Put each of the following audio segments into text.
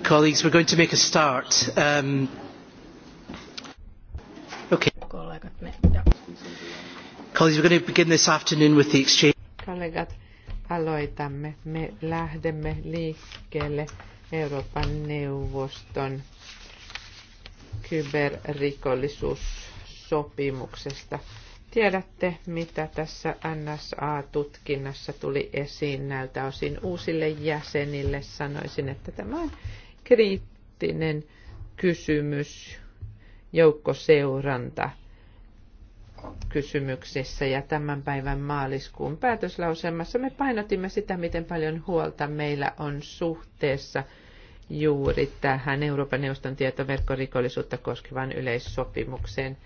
colleagues, we're going to make a start. Um, okay. me, colleagues, we're going to begin this afternoon with the exchange. Kollegat, aloitamme. Me lähdemme liikkeelle Euroopan neuvoston kyberrikollisuussopimuksesta. Tiedätte, mitä tässä NSA-tutkinnassa tuli esiin näiltä osin uusille jäsenille. Sanoisin, että tämä on kriittinen kysymys joukkoseuranta kysymyksessä ja tämän päivän maaliskuun päätöslauselmassa me painotimme sitä, miten paljon huolta meillä on suhteessa juuri tähän Euroopan neuvoston tietoverkkorikollisuutta koskevaan yleissopimukseen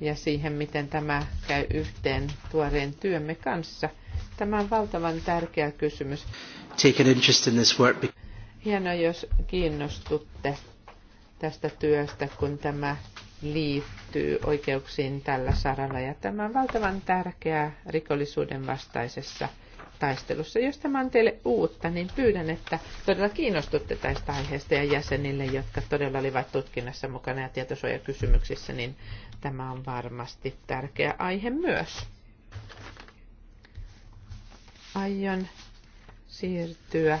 ja siihen, miten tämä käy yhteen tuoreen työmme kanssa. Tämä on valtavan tärkeä kysymys. Take an interest in this work. Hienoa, jos kiinnostutte tästä työstä, kun tämä liittyy oikeuksiin tällä saralla. Ja tämä on valtavan tärkeää rikollisuuden vastaisessa taistelussa. Jos tämä on teille uutta, niin pyydän, että todella kiinnostutte tästä aiheesta ja jäsenille, jotka todella olivat tutkinnassa mukana ja tietosuojakysymyksissä, niin tämä on varmasti tärkeä aihe myös. Aion siirtyä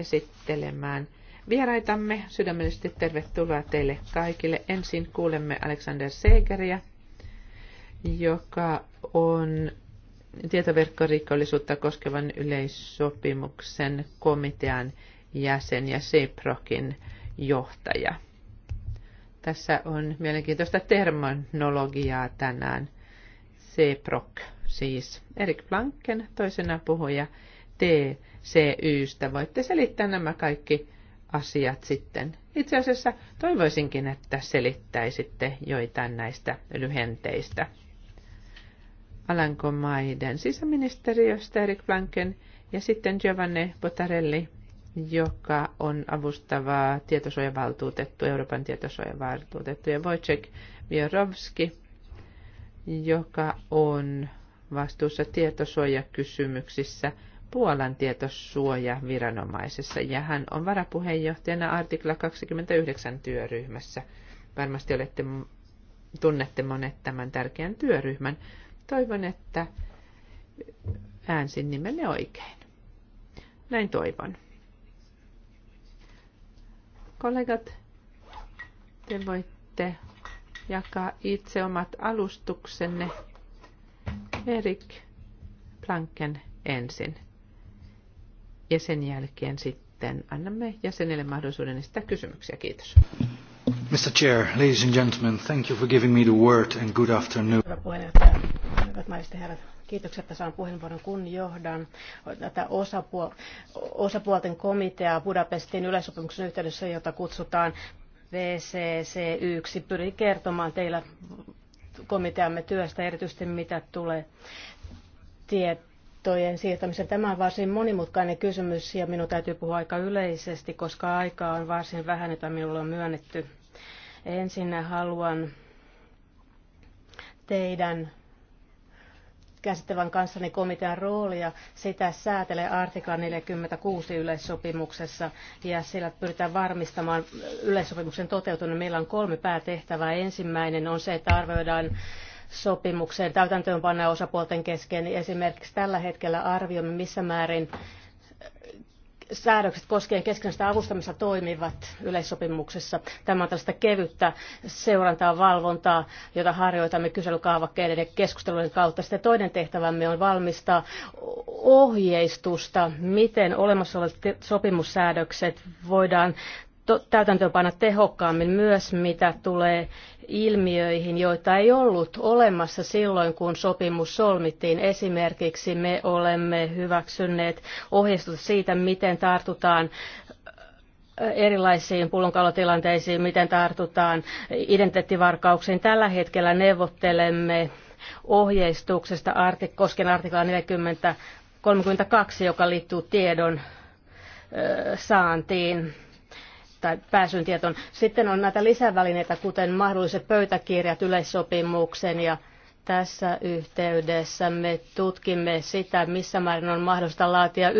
esittelemään vieraitamme. Sydämellisesti tervetuloa teille kaikille. Ensin kuulemme Alexander Segeriä, joka on tietoverkkorikollisuutta koskevan yleissopimuksen komitean jäsen ja Ciprokin johtaja. Tässä on mielenkiintoista terminologiaa tänään. CPROC siis. Erik Planken toisena puhuja, T CYstä. Voitte selittää nämä kaikki asiat sitten. Itse asiassa toivoisinkin, että selittäisitte joitain näistä lyhenteistä. Alankomaiden sisäministeriöstä Erik Blanken ja sitten Giovanni Botarelli, joka on avustava tietosuojavaltuutettu, Euroopan tietosuojavaltuutettu, ja Wojciech Vierovski, joka on vastuussa tietosuojakysymyksissä – Puolan tietosuojaviranomaisessa ja hän on varapuheenjohtajana artikla 29 työryhmässä. Varmasti olette, tunnette monet tämän tärkeän työryhmän. Toivon, että äänsin nimenne oikein. Näin toivon. Kollegat, te voitte jakaa itse omat alustuksenne. Erik Planken ensin ja sen jälkeen sitten annamme jäsenille mahdollisuuden esittää kysymyksiä. Kiitos. Mr. Chair, ladies and gentlemen, thank you for giving me the word and good afternoon. Hyvä puheenjohtaja, hyvät naiset ja herrat, kiitokset, että saan puheenvuoron kun johdan tätä osapuol- osapuolten komiteaa Budapestin yleissopimuksen yhteydessä, jota kutsutaan VCC1. Pyrin kertomaan teillä komiteamme työstä, erityisesti mitä tulee tiet voittojen siirtämisen. Tämä on varsin monimutkainen kysymys ja minun täytyy puhua aika yleisesti, koska aikaa on varsin vähän, jota minulle on myönnetty. Ensin haluan teidän käsittelevän kanssani komitean roolia. Sitä säätelee artikla 46 yleissopimuksessa ja sillä pyritään varmistamaan yleissopimuksen toteutuminen. Meillä on kolme päätehtävää. Ensimmäinen on se, että arvioidaan sopimukseen täytäntöönpanna osapuolten kesken. Esimerkiksi tällä hetkellä arvioimme, missä määrin säädökset koskien keskinäistä avustamista toimivat yleissopimuksessa. Tämä on tällaista kevyttä seurantaa, valvontaa, jota harjoitamme kyselykaavakkeiden ja keskustelujen kautta. Sitten toinen tehtävämme on valmistaa ohjeistusta, miten olemassa olevat sopimussäädökset voidaan täytäntöönpanna tehokkaammin myös, mitä tulee ilmiöihin, joita ei ollut olemassa silloin, kun sopimus solmittiin. Esimerkiksi me olemme hyväksyneet ohjeistus siitä, miten tartutaan äh, erilaisiin pullonkalotilanteisiin, miten tartutaan identiteettivarkauksiin. Tällä hetkellä neuvottelemme ohjeistuksesta artik- kosken artiklaa 40, 32, joka liittyy tiedon äh, saantiin tai pääsyn tietoon. Sitten on näitä lisävälineitä, kuten mahdolliset pöytäkirjat yleissopimuksen ja tässä yhteydessä me tutkimme sitä, missä määrin on mahdollista laatia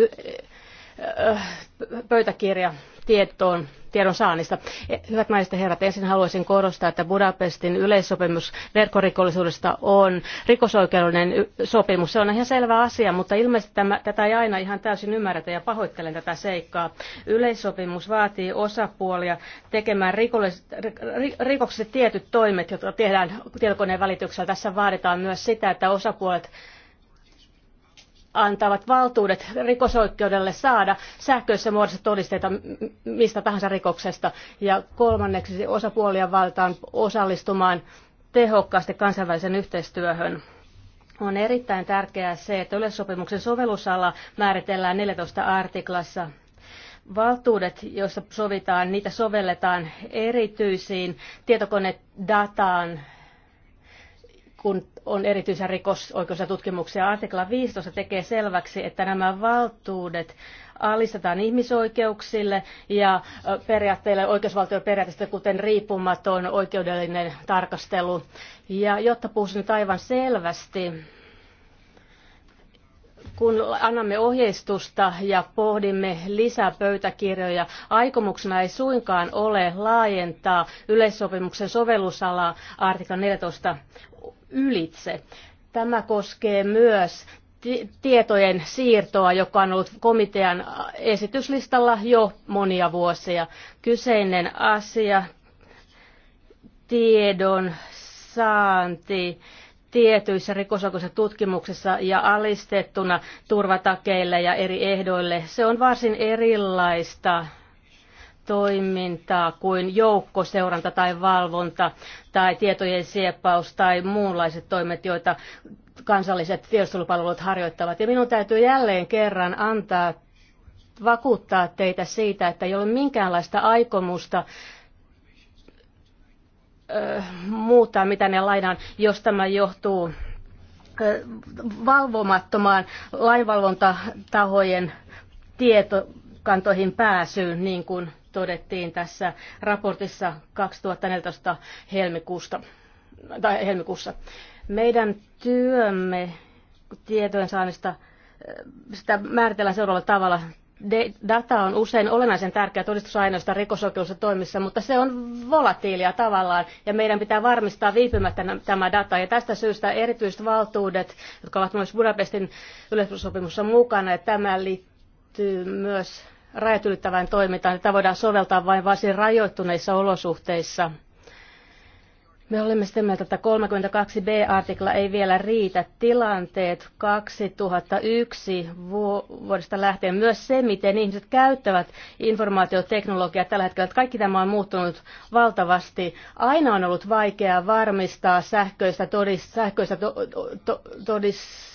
pöytäkirja tietoon tiedon saannista. E, hyvät naiset ja herrat, ensin haluaisin korostaa, että Budapestin yleissopimus verkkorikollisuudesta on rikosoikeudellinen sopimus. Se on ihan selvä asia, mutta ilmeisesti tämä, tätä ei aina ihan täysin ymmärretä ja pahoittelen tätä seikkaa. Yleissopimus vaatii osapuolia tekemään rikollis, rikoksista tietyt toimet, jotka tehdään tietokoneen välityksellä. Tässä vaaditaan myös sitä, että osapuolet antavat valtuudet rikosoikeudelle saada sähköisessä muodossa todisteita mistä tahansa rikoksesta. Ja kolmanneksi osapuolia valtaan osallistumaan tehokkaasti kansainväliseen yhteistyöhön. On erittäin tärkeää se, että yleissopimuksen sovellusala määritellään 14 artiklassa. Valtuudet, joissa sovitaan, niitä sovelletaan erityisiin tietokonedataan kun on erityisen ja tutkimuksia. Artikla 15 tekee selväksi, että nämä valtuudet alistetaan ihmisoikeuksille ja periaatteille oikeusvaltioperiaatteista, kuten riippumaton oikeudellinen tarkastelu. Ja jotta puhuisin nyt aivan selvästi, kun annamme ohjeistusta ja pohdimme lisää pöytäkirjoja, aikomuksena ei suinkaan ole laajentaa yleissopimuksen sovellusalaa artikla 14 ylitse. Tämä koskee myös tietojen siirtoa, joka on ollut komitean esityslistalla jo monia vuosia. Kyseinen asia, tiedon saanti tietyissä rikosoikeuden tutkimuksessa ja alistettuna turvatakeille ja eri ehdoille. Se on varsin erilaista toimintaa kuin joukkoseuranta tai valvonta tai tietojen sieppaus tai muunlaiset toimet, joita kansalliset tiedustelupalvelut harjoittavat. Ja minun täytyy jälleen kerran antaa vakuuttaa teitä siitä, että ei ole minkäänlaista aikomusta ö, muuttaa, mitä ne lainaan, jos tämä johtuu ö, valvomattomaan lainvalvontatahojen tietokantoihin pääsyyn, niin kuin todettiin tässä raportissa 2014 helmikuusta, tai helmikuussa. Meidän työmme saannista eh, sitä määritellään seuraavalla tavalla data on usein olennaisen tärkeä todistusaineisto rikosoikeudessa toimissa, mutta se on volatiilia tavallaan ja meidän pitää varmistaa viipymättä tämä data. Ja tästä syystä erityiset valtuudet, jotka ovat myös Budapestin yleissopimuksessa mukana, ja tämä liittyy myös rajat ylittävään toimintaan. Tätä voidaan soveltaa vain varsin rajoittuneissa olosuhteissa. Me olemme sitä mieltä, että 32b-artikla ei vielä riitä. Tilanteet 2001 vuodesta lähtien, myös se, miten ihmiset käyttävät informaatioteknologiaa tällä hetkellä, että kaikki tämä on muuttunut valtavasti. Aina on ollut vaikeaa varmistaa sähköistä, todis, sähköistä to, to, todis,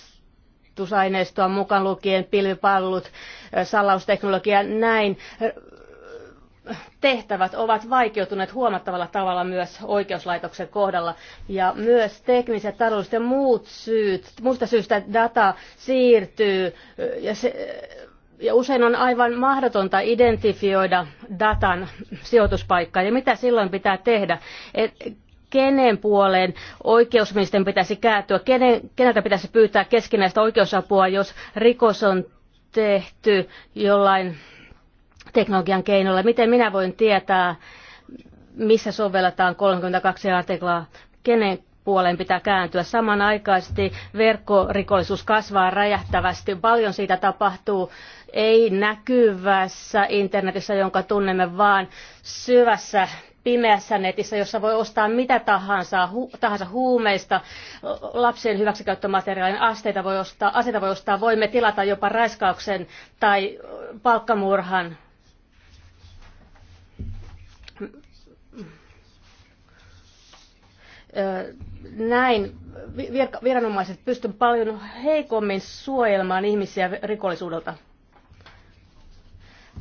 tiedotusaineistoa mukaan lukien pilvipalvelut, salausteknologia, näin tehtävät ovat vaikeutuneet huomattavalla tavalla myös oikeuslaitoksen kohdalla. Ja myös tekniset, taloudelliset ja muut syyt, muista syystä data siirtyy ja, se, ja usein on aivan mahdotonta identifioida datan sijoituspaikkaa. Ja mitä silloin pitää tehdä? Et, kenen puoleen oikeusministeriön pitäisi kääntyä, kenen, keneltä pitäisi pyytää keskinäistä oikeusapua, jos rikos on tehty jollain teknologian keinolla. Miten minä voin tietää, missä sovelletaan 32 artiklaa, kenen puoleen pitää kääntyä. Samanaikaisesti verkkorikollisuus kasvaa räjähtävästi. Paljon siitä tapahtuu ei näkyvässä internetissä, jonka tunnemme, vaan syvässä pimeässä netissä, jossa voi ostaa mitä tahansa, hu, tahansa huumeista, lapsien hyväksikäyttömateriaalin asteita voi ostaa, aseita voi ostaa, voimme tilata jopa raiskauksen tai palkkamurhan. Näin viranomaiset pystyvät paljon heikommin suojelemaan ihmisiä rikollisuudelta.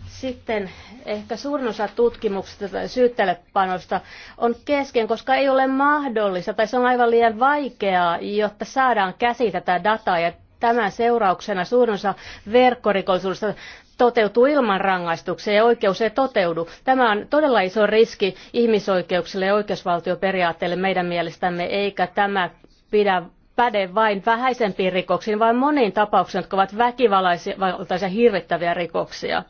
Sitten ehkä suurin osa tutkimuksista tai syyttelepanosta on kesken, koska ei ole mahdollista tai se on aivan liian vaikeaa, jotta saadaan käsi tätä dataa ja tämän seurauksena suurin osa verkkorikollisuudesta toteutuu ilman rangaistuksia ja oikeus ei toteudu. Tämä on todella iso riski ihmisoikeuksille ja oikeusvaltioperiaatteille meidän mielestämme, eikä tämä pidä päde vain vähäisempiin rikoksiin, vaan moniin tapauksiin, jotka ovat väkivaltaisia hirvittäviä rikoksia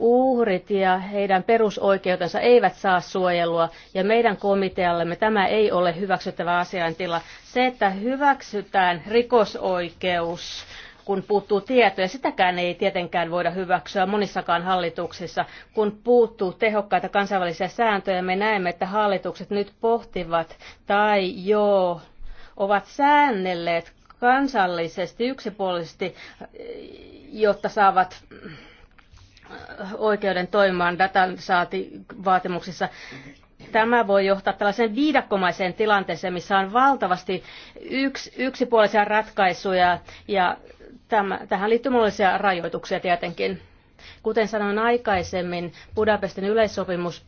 uhrit ja heidän perusoikeutensa eivät saa suojelua ja meidän komiteallemme tämä ei ole hyväksyttävä asiantila. Se, että hyväksytään rikosoikeus, kun puuttuu tietoja, sitäkään ei tietenkään voida hyväksyä monissakaan hallituksissa. Kun puuttuu tehokkaita kansainvälisiä sääntöjä, me näemme, että hallitukset nyt pohtivat tai jo ovat säännelleet kansallisesti yksipuolisesti, jotta saavat oikeuden toimimaan datan saativaatimuksissa. Tämä voi johtaa tällaiseen viidakkomaiseen tilanteeseen, missä on valtavasti yks, yksipuolisia ratkaisuja ja täm, tähän liittyy monenlaisia rajoituksia tietenkin. Kuten sanoin aikaisemmin, Budapestin yleissopimus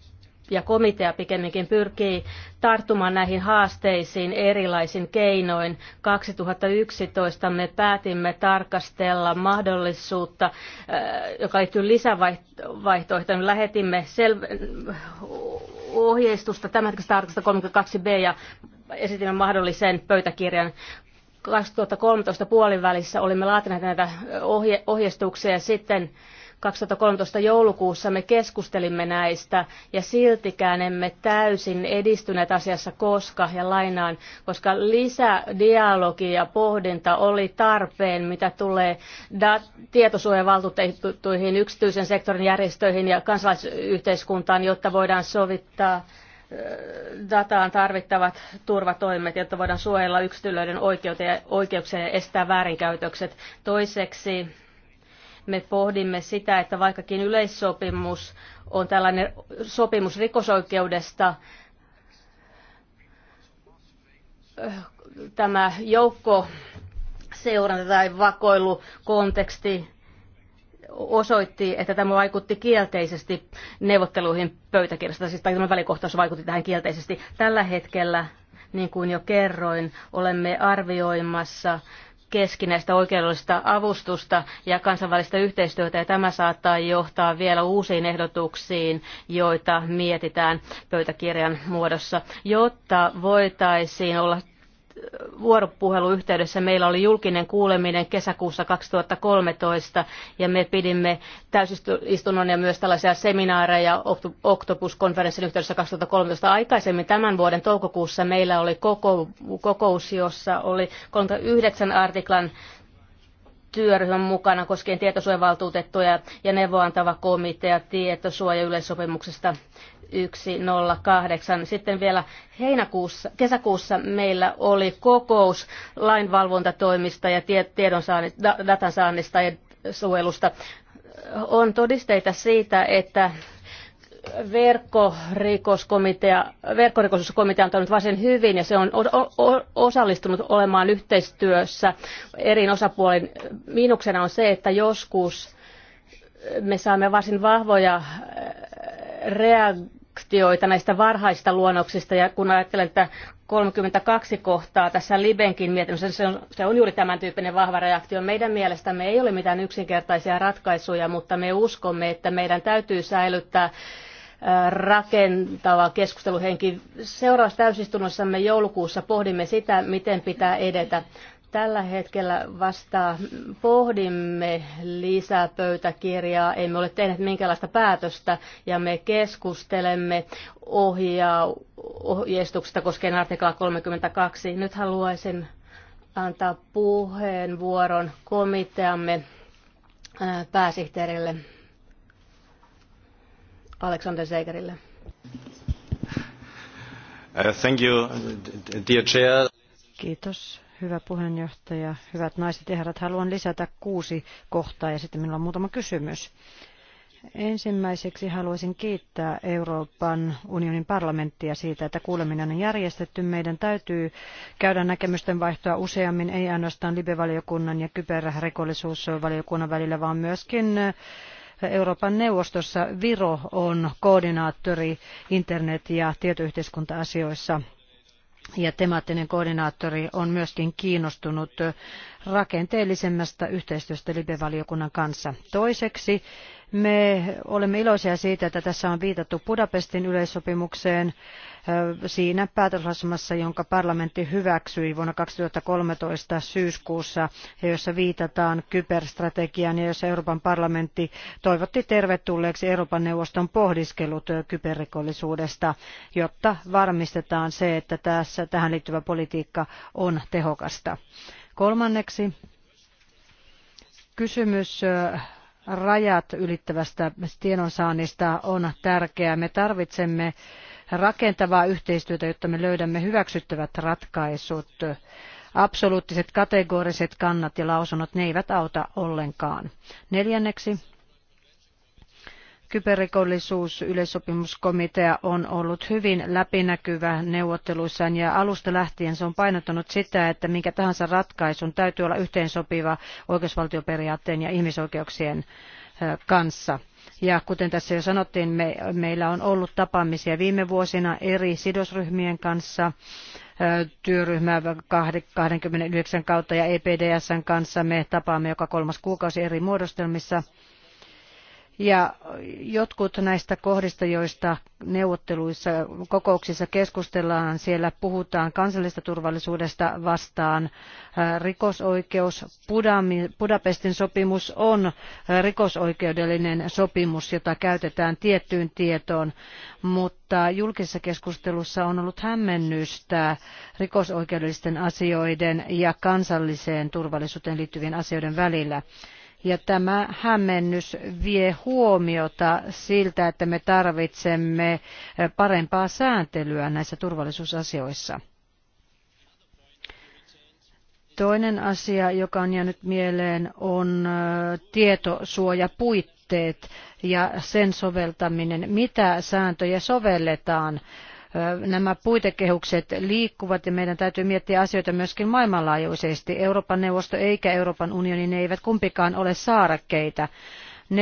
ja komitea pikemminkin pyrkii tarttumaan näihin haasteisiin erilaisin keinoin. 2011 me päätimme tarkastella mahdollisuutta, äh, joka liittyy lisävaihtoehtoon. Lähetimme sel- ohjeistusta tämänhetkistä artikasta 32b ja esitimme mahdollisen pöytäkirjan 2013 puolivälissä olimme laatineet näitä ohje, ohjeistuksia ja sitten 2013 joulukuussa me keskustelimme näistä ja siltikään emme täysin edistyneet asiassa koska, ja lainaan, koska lisädialogi ja pohdinta oli tarpeen, mitä tulee dat- tietosuojavaltuutettuihin, yksityisen sektorin järjestöihin ja kansalaisyhteiskuntaan, jotta voidaan sovittaa dataan tarvittavat turvatoimet, jotta voidaan suojella yksilöiden oikeuksia ja estää väärinkäytökset. Toiseksi me pohdimme sitä, että vaikkakin yleissopimus on tällainen sopimus rikosoikeudesta, tämä joukko seuranta tai vakoilukonteksti osoitti, että tämä vaikutti kielteisesti neuvotteluihin pöytäkirjasta, siis tämä välikohtaus vaikutti tähän kielteisesti. Tällä hetkellä, niin kuin jo kerroin, olemme arvioimassa keskinäistä oikeudellista avustusta ja kansainvälistä yhteistyötä, ja tämä saattaa johtaa vielä uusiin ehdotuksiin, joita mietitään pöytäkirjan muodossa, jotta voitaisiin olla vuoropuheluyhteydessä meillä oli julkinen kuuleminen kesäkuussa 2013 ja me pidimme täysistunnon ja myös tällaisia seminaareja Octopus-konferenssin yhteydessä 2013. Aikaisemmin tämän vuoden toukokuussa meillä oli kokous, jossa oli 39 artiklan työryhmän mukana koskien tietosuojavaltuutettuja ja neuvoantava komitea tietosuoja yleissopimuksesta 108. Sitten vielä heinäkuussa, kesäkuussa meillä oli kokous lainvalvontatoimista ja datansaannista ja suojelusta. On todisteita siitä, että verkkorikoskomitea, verkkorikoskomitea on toiminut varsin hyvin ja se on osallistunut olemaan yhteistyössä eri osapuolin. Miinuksena on se, että joskus me saamme varsin vahvoja reagointeja sanktioita näistä varhaisista luonnoksista ja kun ajattelen että 32 kohtaa tässä Libenkin mietinnössä, niin se on, se on juuri tämän tyyppinen vahva reaktio. Meidän mielestämme ei ole mitään yksinkertaisia ratkaisuja, mutta me uskomme, että meidän täytyy säilyttää rakentava keskusteluhenki. Seuraavassa täysistunnossamme joulukuussa pohdimme sitä, miten pitää edetä. Tällä hetkellä vasta pohdimme lisää emme ole tehneet minkäänlaista päätöstä ja me keskustelemme ohjeistuksesta koskien artiklaa 32. Nyt haluaisin antaa puheenvuoron komiteamme pääsihteerille Alexander Seigerille. Uh, thank you, dear chair. Kiitos Hyvä puheenjohtaja, hyvät naiset ja herrat, haluan lisätä kuusi kohtaa ja sitten minulla on muutama kysymys. Ensimmäiseksi haluaisin kiittää Euroopan unionin parlamenttia siitä, että kuuleminen on järjestetty. Meidän täytyy käydä näkemysten vaihtoa useammin, ei ainoastaan Libe-valiokunnan ja kyberrikollisuusvaliokunnan välillä, vaan myöskin Euroopan neuvostossa Viro on koordinaattori internet- ja tietoyhteiskunta-asioissa ja temaattinen koordinaattori on myöskin kiinnostunut rakenteellisemmasta yhteistyöstä libe valiokunnan kanssa. toiseksi me olemme iloisia siitä, että tässä on viitattu Budapestin yleissopimukseen siinä päätöslausumassa, jonka parlamentti hyväksyi vuonna 2013 syyskuussa, ja jossa viitataan kyberstrategiaan ja jossa Euroopan parlamentti toivotti tervetulleeksi Euroopan neuvoston pohdiskelut kyberrikollisuudesta, jotta varmistetaan se, että tässä, tähän liittyvä politiikka on tehokasta. Kolmanneksi kysymys rajat ylittävästä tiedonsaannista on tärkeää. Me tarvitsemme rakentavaa yhteistyötä, jotta me löydämme hyväksyttävät ratkaisut. Absoluuttiset kategoriset kannat ja lausunnot, ne eivät auta ollenkaan. Neljänneksi, Kyberrikollisuus yleissopimuskomitea on ollut hyvin läpinäkyvä neuvotteluissaan ja alusta lähtien se on painottanut sitä, että minkä tahansa ratkaisun täytyy olla yhteensopiva oikeusvaltioperiaatteen ja ihmisoikeuksien kanssa. Ja kuten tässä jo sanottiin, me, meillä on ollut tapaamisia viime vuosina eri sidosryhmien kanssa, työryhmä 29 kautta ja EPDSn kanssa. Me tapaamme joka kolmas kuukausi eri muodostelmissa ja jotkut näistä kohdista, joista neuvotteluissa, kokouksissa keskustellaan, siellä puhutaan kansallisesta turvallisuudesta vastaan äh, rikosoikeus. Budapestin sopimus on äh, rikosoikeudellinen sopimus, jota käytetään tiettyyn tietoon, mutta julkisessa keskustelussa on ollut hämmennystä rikosoikeudellisten asioiden ja kansalliseen turvallisuuteen liittyvien asioiden välillä. Ja tämä hämmennys vie huomiota siltä, että me tarvitsemme eh, parempaa sääntelyä näissä turvallisuusasioissa. Toinen asia, joka on jäänyt mieleen, on eh, tietosuojapuitteet ja sen soveltaminen. Mitä sääntöjä sovelletaan? Nämä puitekehykset liikkuvat ja meidän täytyy miettiä asioita myöskin maailmanlaajuisesti. Euroopan neuvosto eikä Euroopan unioni, ne eivät kumpikaan ole saarakkeita. 14.49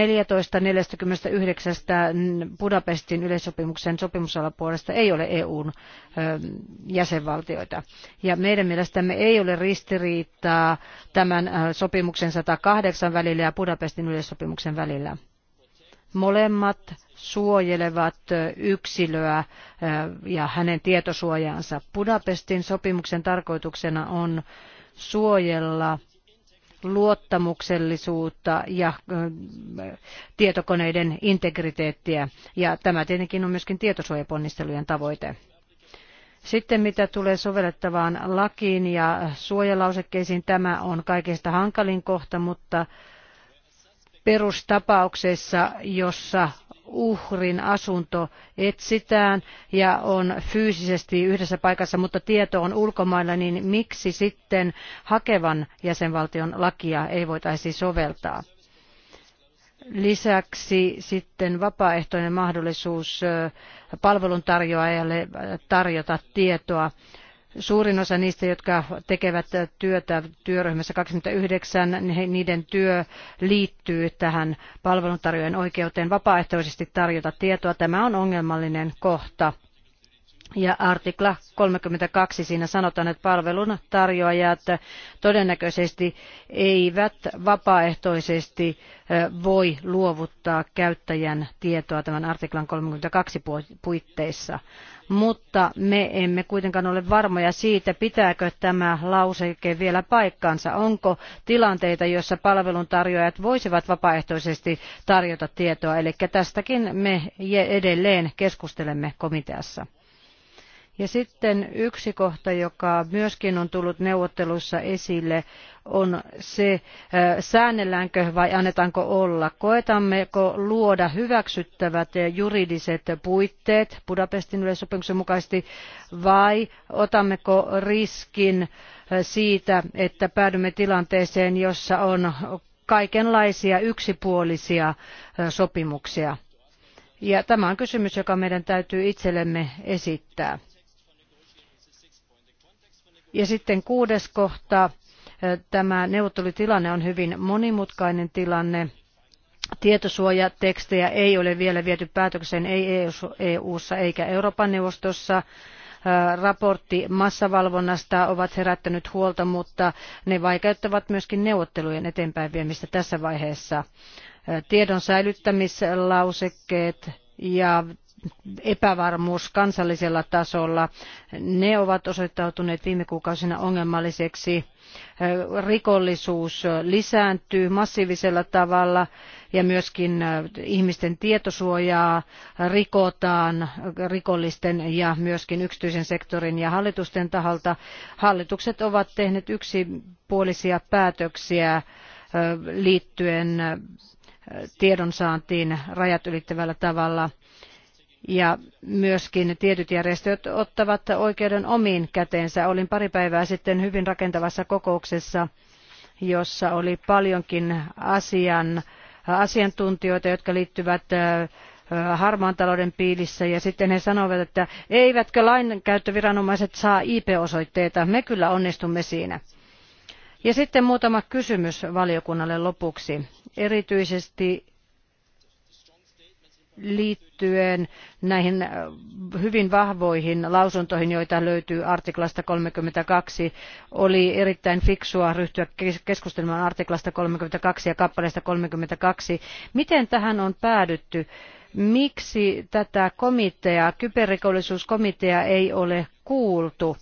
Budapestin yleissopimuksen sopimusalapuolesta ei ole EUn jäsenvaltioita. Ja meidän mielestämme ei ole ristiriitaa tämän sopimuksen 108 välillä ja Budapestin yleissopimuksen välillä. Molemmat suojelevat yksilöä ja hänen tietosuojaansa. Budapestin sopimuksen tarkoituksena on suojella luottamuksellisuutta ja tietokoneiden integriteettiä. Ja tämä tietenkin on myöskin tietosuojaponnistelujen tavoite. Sitten mitä tulee sovellettavaan lakiin ja suojalausekkeisiin, tämä on kaikista hankalin kohta, mutta perustapauksessa, jossa uhrin asunto etsitään ja on fyysisesti yhdessä paikassa, mutta tieto on ulkomailla, niin miksi sitten hakevan jäsenvaltion lakia ei voitaisi soveltaa? Lisäksi sitten vapaaehtoinen mahdollisuus palveluntarjoajalle tarjota tietoa Suurin osa niistä, jotka tekevät työtä työryhmässä 29, niin niiden työ liittyy tähän palveluntarjoajan oikeuteen vapaaehtoisesti tarjota tietoa. Tämä on ongelmallinen kohta ja artikla 32 siinä sanotaan, että palvelun tarjoajat todennäköisesti eivät vapaaehtoisesti voi luovuttaa käyttäjän tietoa tämän artiklan 32 puitteissa. Mutta me emme kuitenkaan ole varmoja siitä, pitääkö tämä lauseke vielä paikkansa. Onko tilanteita, joissa palvelun tarjoajat voisivat vapaaehtoisesti tarjota tietoa? Eli tästäkin me edelleen keskustelemme komiteassa. Ja sitten yksi kohta, joka myöskin on tullut neuvotteluissa esille, on se, äh, säännelläänkö vai annetaanko olla. Koetammeko luoda hyväksyttävät juridiset puitteet Budapestin yleissopimuksen mukaisesti vai otammeko riskin äh, siitä, että päädymme tilanteeseen, jossa on kaikenlaisia yksipuolisia äh, sopimuksia. Ja tämä on kysymys, joka meidän täytyy itsellemme esittää. Ja sitten kuudes kohta. Tämä neuvottelutilanne on hyvin monimutkainen tilanne. Tietosuojatekstejä ei ole vielä viety päätökseen ei EU-ssa e eikä Euroopan neuvostossa raportti massavalvonnasta ovat herättänyt huolta, mutta ne vaikeuttavat myöskin neuvottelujen eteenpäin viemistä tässä vaiheessa. Tiedon säilyttämislausekkeet ja epävarmuus kansallisella tasolla, ne ovat osoittautuneet viime kuukausina ongelmalliseksi. Rikollisuus lisääntyy massiivisella tavalla ja myöskin ihmisten tietosuojaa rikotaan rikollisten ja myöskin yksityisen sektorin ja hallitusten taholta. Hallitukset ovat tehneet yksipuolisia päätöksiä liittyen tiedonsaantiin rajat ylittävällä tavalla ja myöskin tietyt järjestöt ottavat oikeuden omiin käteensä. Olin pari päivää sitten hyvin rakentavassa kokouksessa, jossa oli paljonkin asian, asiantuntijoita, jotka liittyvät harmaan talouden piilissä ja sitten he sanovat, että eivätkö lainkäyttöviranomaiset saa IP-osoitteita. Me kyllä onnistumme siinä. Ja sitten muutama kysymys valiokunnalle lopuksi. Erityisesti liittyen näihin äh, hyvin vahvoihin lausuntoihin, joita löytyy artiklasta 32, oli erittäin fiksua ryhtyä keskustelemaan artiklasta 32 ja kappaleesta 32. Miten tähän on päädytty? Miksi tätä komiteaa, kyberrikollisuuskomitea ei ole kuultu?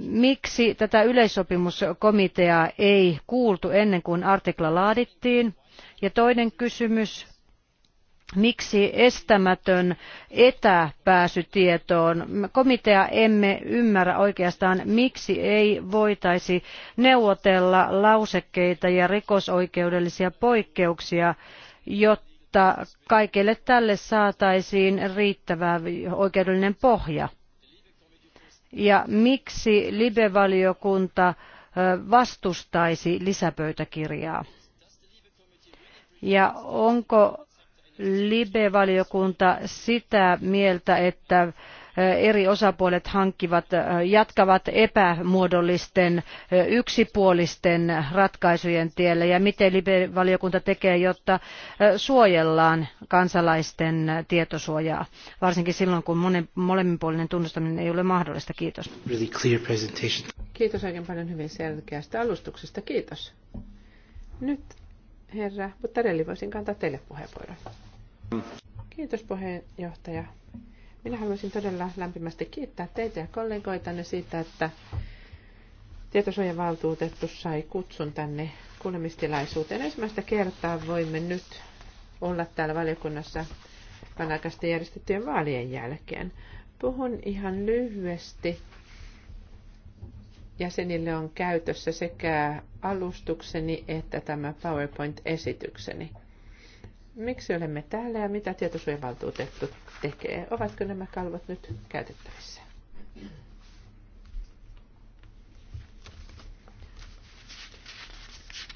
Miksi tätä yleissopimuskomiteaa ei kuultu ennen kuin artikla laadittiin? Ja toinen kysymys, miksi estämätön etäpääsy tietoon. Komitea emme ymmärrä oikeastaan, miksi ei voitaisi neuvotella lausekkeita ja rikosoikeudellisia poikkeuksia, jotta kaikelle tälle saataisiin riittävä oikeudellinen pohja. Ja miksi libevaliokunta valiokunta vastustaisi lisäpöytäkirjaa? Ja onko Libe-valiokunta sitä mieltä, että eri osapuolet hankkivat, jatkavat epämuodollisten yksipuolisten ratkaisujen tiellä ja miten Libe-valiokunta tekee, jotta suojellaan kansalaisten tietosuojaa, varsinkin silloin, kun monen, molemminpuolinen tunnustaminen ei ole mahdollista. Kiitos. Kiitos oikein paljon hyvin selkeästä alustuksesta. Kiitos. Nyt herra Buttarelli, voisin kantaa teille puheenvuoron. Kiitos puheenjohtaja. Minä haluaisin todella lämpimästi kiittää teitä ja kollegoitanne siitä, että tietosuojavaltuutettu sai kutsun tänne kuulemistilaisuuteen. Ensimmäistä kertaa voimme nyt olla täällä valiokunnassa vanhaikaisesti järjestettyjen vaalien jälkeen. Puhun ihan lyhyesti. Jäsenille on käytössä sekä alustukseni että tämä PowerPoint-esitykseni miksi olemme täällä ja mitä tietosuojavaltuutettu tekee. Ovatko nämä kalvot nyt käytettävissä?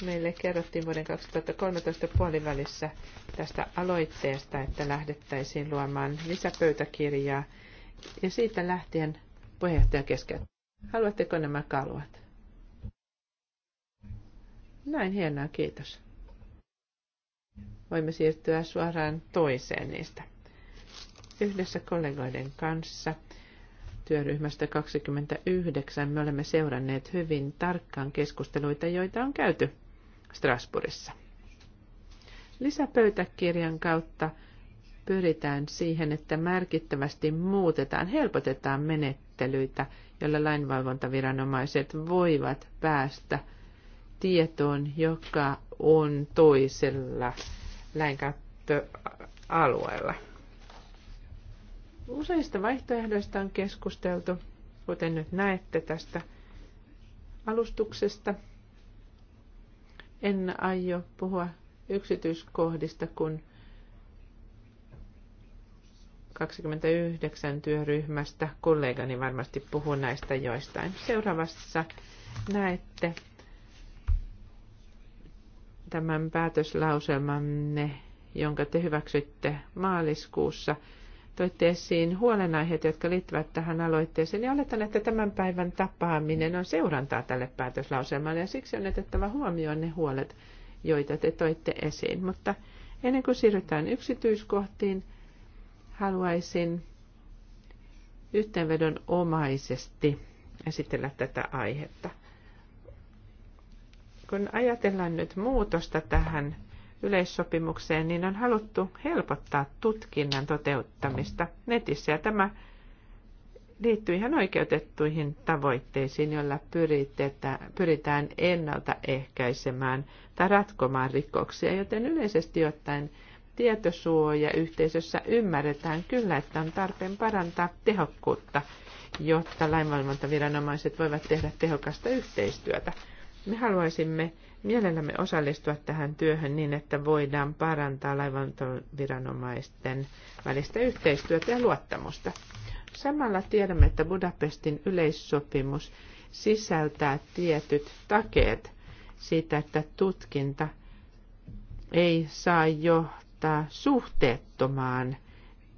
Meille kerrottiin vuoden 2013 puolivälissä tästä aloitteesta, että lähdettäisiin luomaan lisäpöytäkirjaa. Ja siitä lähtien puheenjohtaja keskeyttää. Haluatteko nämä kalvot? Näin hienoa, kiitos voimme siirtyä suoraan toiseen niistä. Yhdessä kollegoiden kanssa työryhmästä 29 me olemme seuranneet hyvin tarkkaan keskusteluita, joita on käyty Strasbourgissa. Lisäpöytäkirjan kautta pyritään siihen, että merkittävästi muutetaan, helpotetaan menettelyitä, joilla lainvalvontaviranomaiset voivat päästä tietoon, joka on toisella läinkäyttöalueella. Useista vaihtoehdoista on keskusteltu, kuten nyt näette tästä alustuksesta. En aio puhua yksityiskohdista, kun 29 työryhmästä kollegani varmasti puhuu näistä joistain. Seuraavassa näette tämän päätöslauselmanne, jonka te hyväksytte maaliskuussa, toitte esiin huolenaiheet, jotka liittyvät tähän aloitteeseen, ja oletan, että tämän päivän tapaaminen on seurantaa tälle päätöslauselmalle, ja siksi on otettava huomioon ne huolet, joita te toitte esiin. Mutta ennen kuin siirrytään yksityiskohtiin, haluaisin yhteenvedon omaisesti esitellä tätä aihetta. Kun ajatellaan nyt muutosta tähän yleissopimukseen, niin on haluttu helpottaa tutkinnan toteuttamista netissä. Ja tämä liittyy ihan oikeutettuihin tavoitteisiin, joilla pyritään ennaltaehkäisemään tai ratkomaan rikoksia, joten yleisesti ottaen tietosuoja yhteisössä ymmärretään kyllä, että on tarpeen parantaa tehokkuutta, jotta lainvalvontaviranomaiset voivat tehdä tehokasta yhteistyötä. Me haluaisimme mielellämme osallistua tähän työhön niin, että voidaan parantaa laivantoviranomaisten välistä yhteistyötä ja luottamusta. Samalla tiedämme, että Budapestin yleissopimus sisältää tietyt takeet siitä, että tutkinta ei saa johtaa suhteettomaan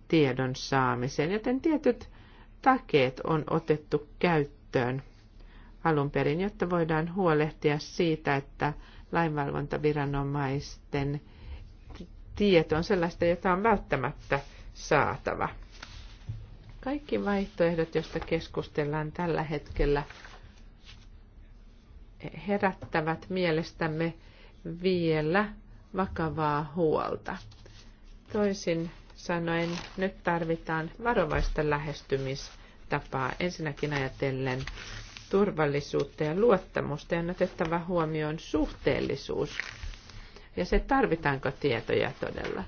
tiedon saamiseen, joten tietyt takeet on otettu käyttöön alun perin, jotta voidaan huolehtia siitä, että lainvalvontaviranomaisten tieto on sellaista, jota on välttämättä saatava. Kaikki vaihtoehdot, joista keskustellaan tällä hetkellä, herättävät mielestämme vielä vakavaa huolta. Toisin sanoen, nyt tarvitaan varovaista lähestymistapaa. Ensinnäkin ajatellen turvallisuutta ja luottamusta ja on otettava huomioon suhteellisuus ja se, tarvitaanko tietoja todella.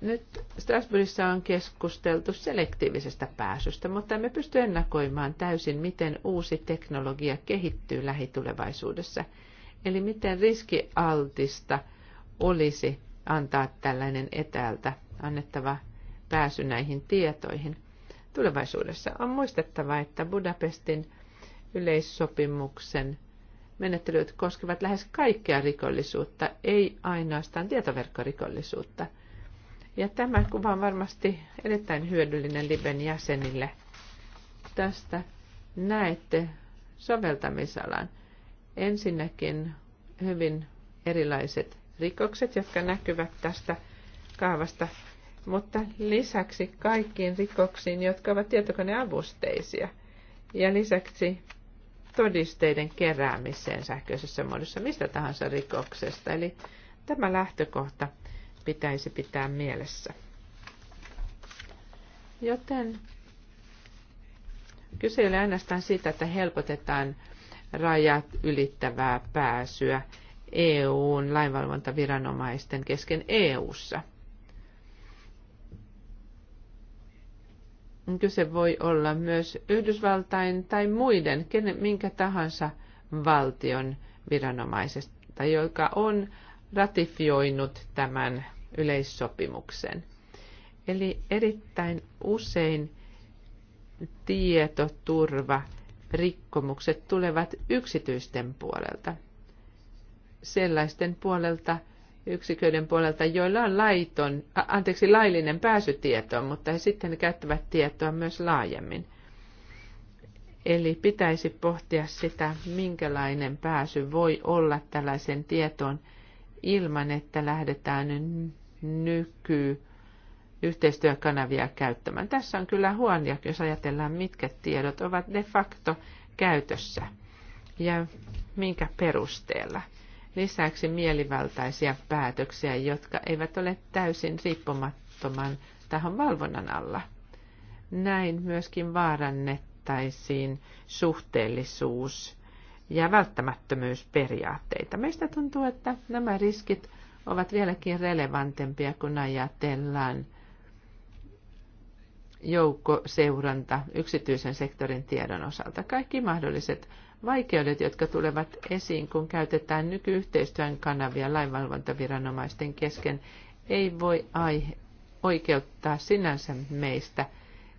Nyt Strasbourgissa on keskusteltu selektiivisestä pääsystä, mutta emme pysty ennakoimaan täysin, miten uusi teknologia kehittyy lähitulevaisuudessa. Eli miten riskialtista olisi antaa tällainen etäältä annettava pääsy näihin tietoihin. Tulevaisuudessa on muistettava, että Budapestin yleissopimuksen menettelyt koskevat lähes kaikkea rikollisuutta, ei ainoastaan tietoverkkorikollisuutta. Ja tämä kuva on varmasti erittäin hyödyllinen Liben jäsenille. Tästä näette soveltamisalan. Ensinnäkin hyvin erilaiset rikokset, jotka näkyvät tästä kaavasta, mutta lisäksi kaikkiin rikoksiin, jotka ovat tietokoneavusteisia. Ja lisäksi todisteiden keräämiseen sähköisessä muodossa mistä tahansa rikoksesta. Eli tämä lähtökohta pitäisi pitää mielessä. Joten kyse ei ole ainoastaan siitä, että helpotetaan rajat ylittävää pääsyä EUn lainvalvontaviranomaisten kesken EUssa. Kyse voi olla myös Yhdysvaltain tai muiden, kenen, minkä tahansa valtion viranomaisesta, joka on ratifioinut tämän yleissopimuksen. Eli erittäin usein tietoturva rikkomukset tulevat yksityisten puolelta, sellaisten puolelta, yksiköiden puolelta, joilla on laiton, anteeksi, laillinen pääsy tietoon, mutta he sitten käyttävät tietoa myös laajemmin. Eli pitäisi pohtia sitä, minkälainen pääsy voi olla tällaisen tietoon ilman, että lähdetään nyky yhteistyökanavia käyttämään. Tässä on kyllä huonia, jos ajatellaan, mitkä tiedot ovat de facto käytössä ja minkä perusteella lisäksi mielivaltaisia päätöksiä, jotka eivät ole täysin riippumattoman tahon valvonnan alla. Näin myöskin vaarannettaisiin suhteellisuus ja välttämättömyysperiaatteita. Meistä tuntuu, että nämä riskit ovat vieläkin relevantempia, kun ajatellaan joukkoseuranta yksityisen sektorin tiedon osalta. Kaikki mahdolliset vaikeudet, jotka tulevat esiin, kun käytetään nykyyhteistyön kanavia lainvalvontaviranomaisten kesken, ei voi aihe, oikeuttaa sinänsä meistä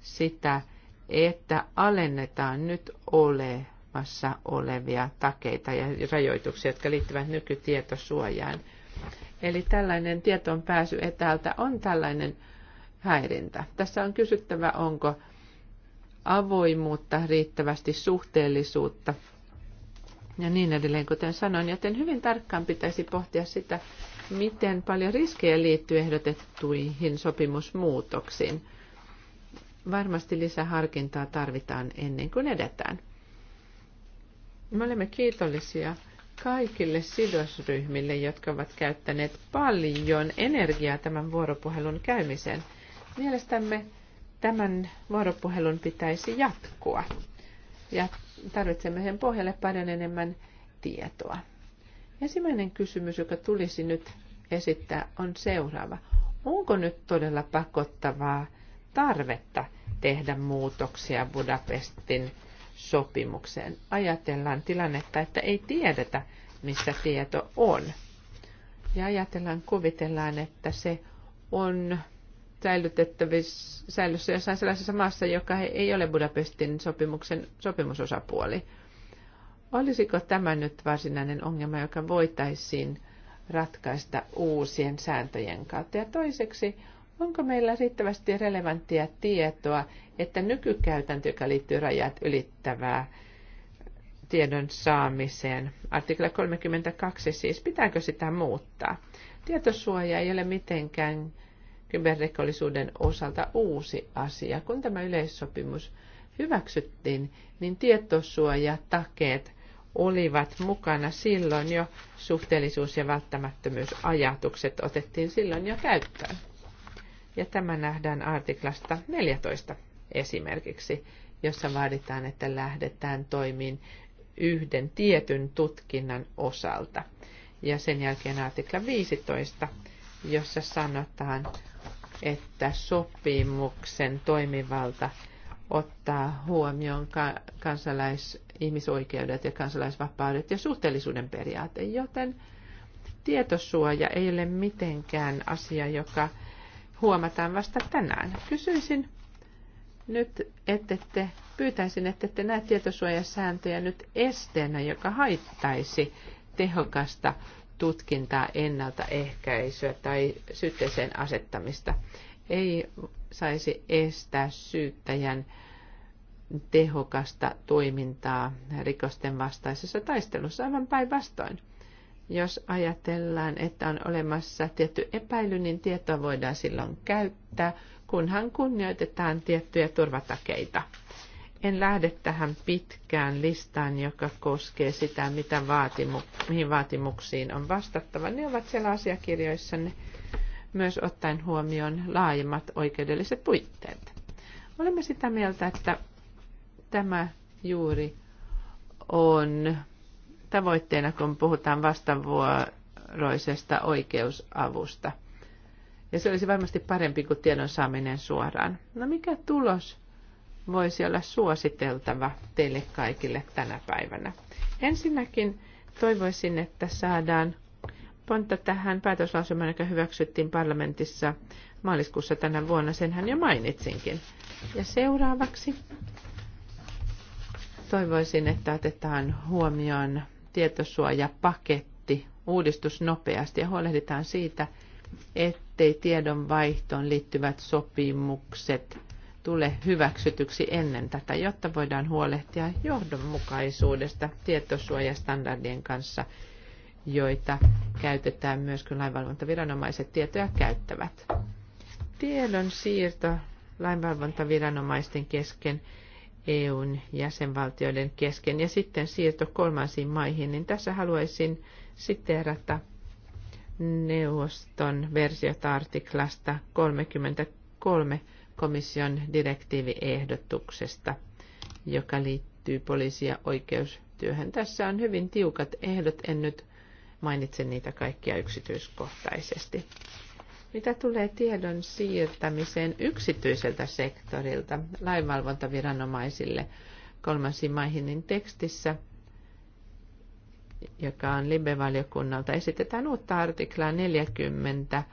sitä, että alennetaan nyt olemassa olevia takeita ja rajoituksia, jotka liittyvät nykytietosuojaan. Eli tällainen tietoon pääsy etäältä on tällainen häirintä. Tässä on kysyttävä, onko avoimuutta, riittävästi suhteellisuutta, ja niin edelleen, kuten sanoin. Joten hyvin tarkkaan pitäisi pohtia sitä, miten paljon riskejä liittyy ehdotettuihin sopimusmuutoksiin. Varmasti lisäharkintaa tarvitaan ennen kuin edetään. Me olemme kiitollisia kaikille sidosryhmille, jotka ovat käyttäneet paljon energiaa tämän vuoropuhelun käymiseen. Mielestämme tämän vuoropuhelun pitäisi jatkua ja tarvitsemme sen pohjalle paljon enemmän tietoa. Ensimmäinen kysymys, joka tulisi nyt esittää, on seuraava. Onko nyt todella pakottavaa tarvetta tehdä muutoksia Budapestin sopimukseen? Ajatellaan tilannetta, että ei tiedetä, missä tieto on. Ja ajatellaan, kuvitellaan, että se on säilytettävissä säilössä jossain sellaisessa maassa, joka ei ole Budapestin sopimuksen sopimusosapuoli. Olisiko tämä nyt varsinainen ongelma, joka voitaisiin ratkaista uusien sääntöjen kautta? Ja toiseksi, onko meillä riittävästi relevanttia tietoa, että nykykäytäntö, joka liittyy rajat ylittävää tiedon saamiseen, artikla 32 siis, pitääkö sitä muuttaa? Tietosuoja ei ole mitenkään kyberrikollisuuden osalta uusi asia. Kun tämä yleissopimus hyväksyttiin, niin tietosuojatakeet olivat mukana silloin jo suhteellisuus- ja välttämättömyysajatukset otettiin silloin jo käyttöön. Ja tämä nähdään artiklasta 14 esimerkiksi, jossa vaaditaan, että lähdetään toimiin yhden tietyn tutkinnan osalta. Ja sen jälkeen artikla 15 jossa sanotaan, että sopimuksen toimivalta ottaa huomioon ka- kansalaisihmisoikeudet ja kansalaisvapaudet ja suhteellisuuden periaate, joten tietosuoja ei ole mitenkään asia, joka huomataan vasta tänään. Kysyisin nyt, te, pyytäisin, te näe tietosuojasääntöjä nyt esteenä, joka haittaisi tehokasta tutkintaa, ennaltaehkäisyä tai syytteeseen asettamista. Ei saisi estää syyttäjän tehokasta toimintaa rikosten vastaisessa taistelussa aivan päinvastoin. Jos ajatellaan, että on olemassa tietty epäily, niin tietoa voidaan silloin käyttää, kunhan kunnioitetaan tiettyjä turvatakeita. En lähde tähän pitkään listaan, joka koskee sitä, mitä vaatimu, mihin vaatimuksiin on vastattava. Ne ovat siellä asiakirjoissanne myös ottaen huomioon laajemmat oikeudelliset puitteet. Olemme sitä mieltä, että tämä juuri on tavoitteena, kun puhutaan vastavuoroisesta oikeusavusta. Ja se olisi varmasti parempi kuin tiedon saaminen suoraan. No mikä tulos voisi olla suositeltava teille kaikille tänä päivänä. Ensinnäkin toivoisin, että saadaan pontta tähän päätöslausumaan, joka hyväksyttiin parlamentissa maaliskuussa tänä vuonna. Senhän jo mainitsinkin. Ja seuraavaksi toivoisin, että otetaan huomioon tietosuojapaketti, uudistus nopeasti ja huolehditaan siitä, ettei tiedonvaihtoon liittyvät sopimukset tule hyväksytyksi ennen tätä, jotta voidaan huolehtia johdonmukaisuudesta tietosuojastandardien kanssa, joita käytetään myös, kun lainvalvontaviranomaiset tietoja käyttävät. Tiedon siirto lainvalvontaviranomaisten kesken EUn jäsenvaltioiden kesken ja sitten siirto kolmansiin maihin, niin tässä haluaisin siteerata neuvoston versiota artiklasta 33 komission direktiiviehdotuksesta, joka liittyy poliisi- ja oikeustyöhön. Tässä on hyvin tiukat ehdot, en nyt mainitse niitä kaikkia yksityiskohtaisesti. Mitä tulee tiedon siirtämiseen yksityiseltä sektorilta lainvalvontaviranomaisille kolmansiin maihin, niin tekstissä, joka on Libe-valiokunnalta, esitetään uutta artiklaa 40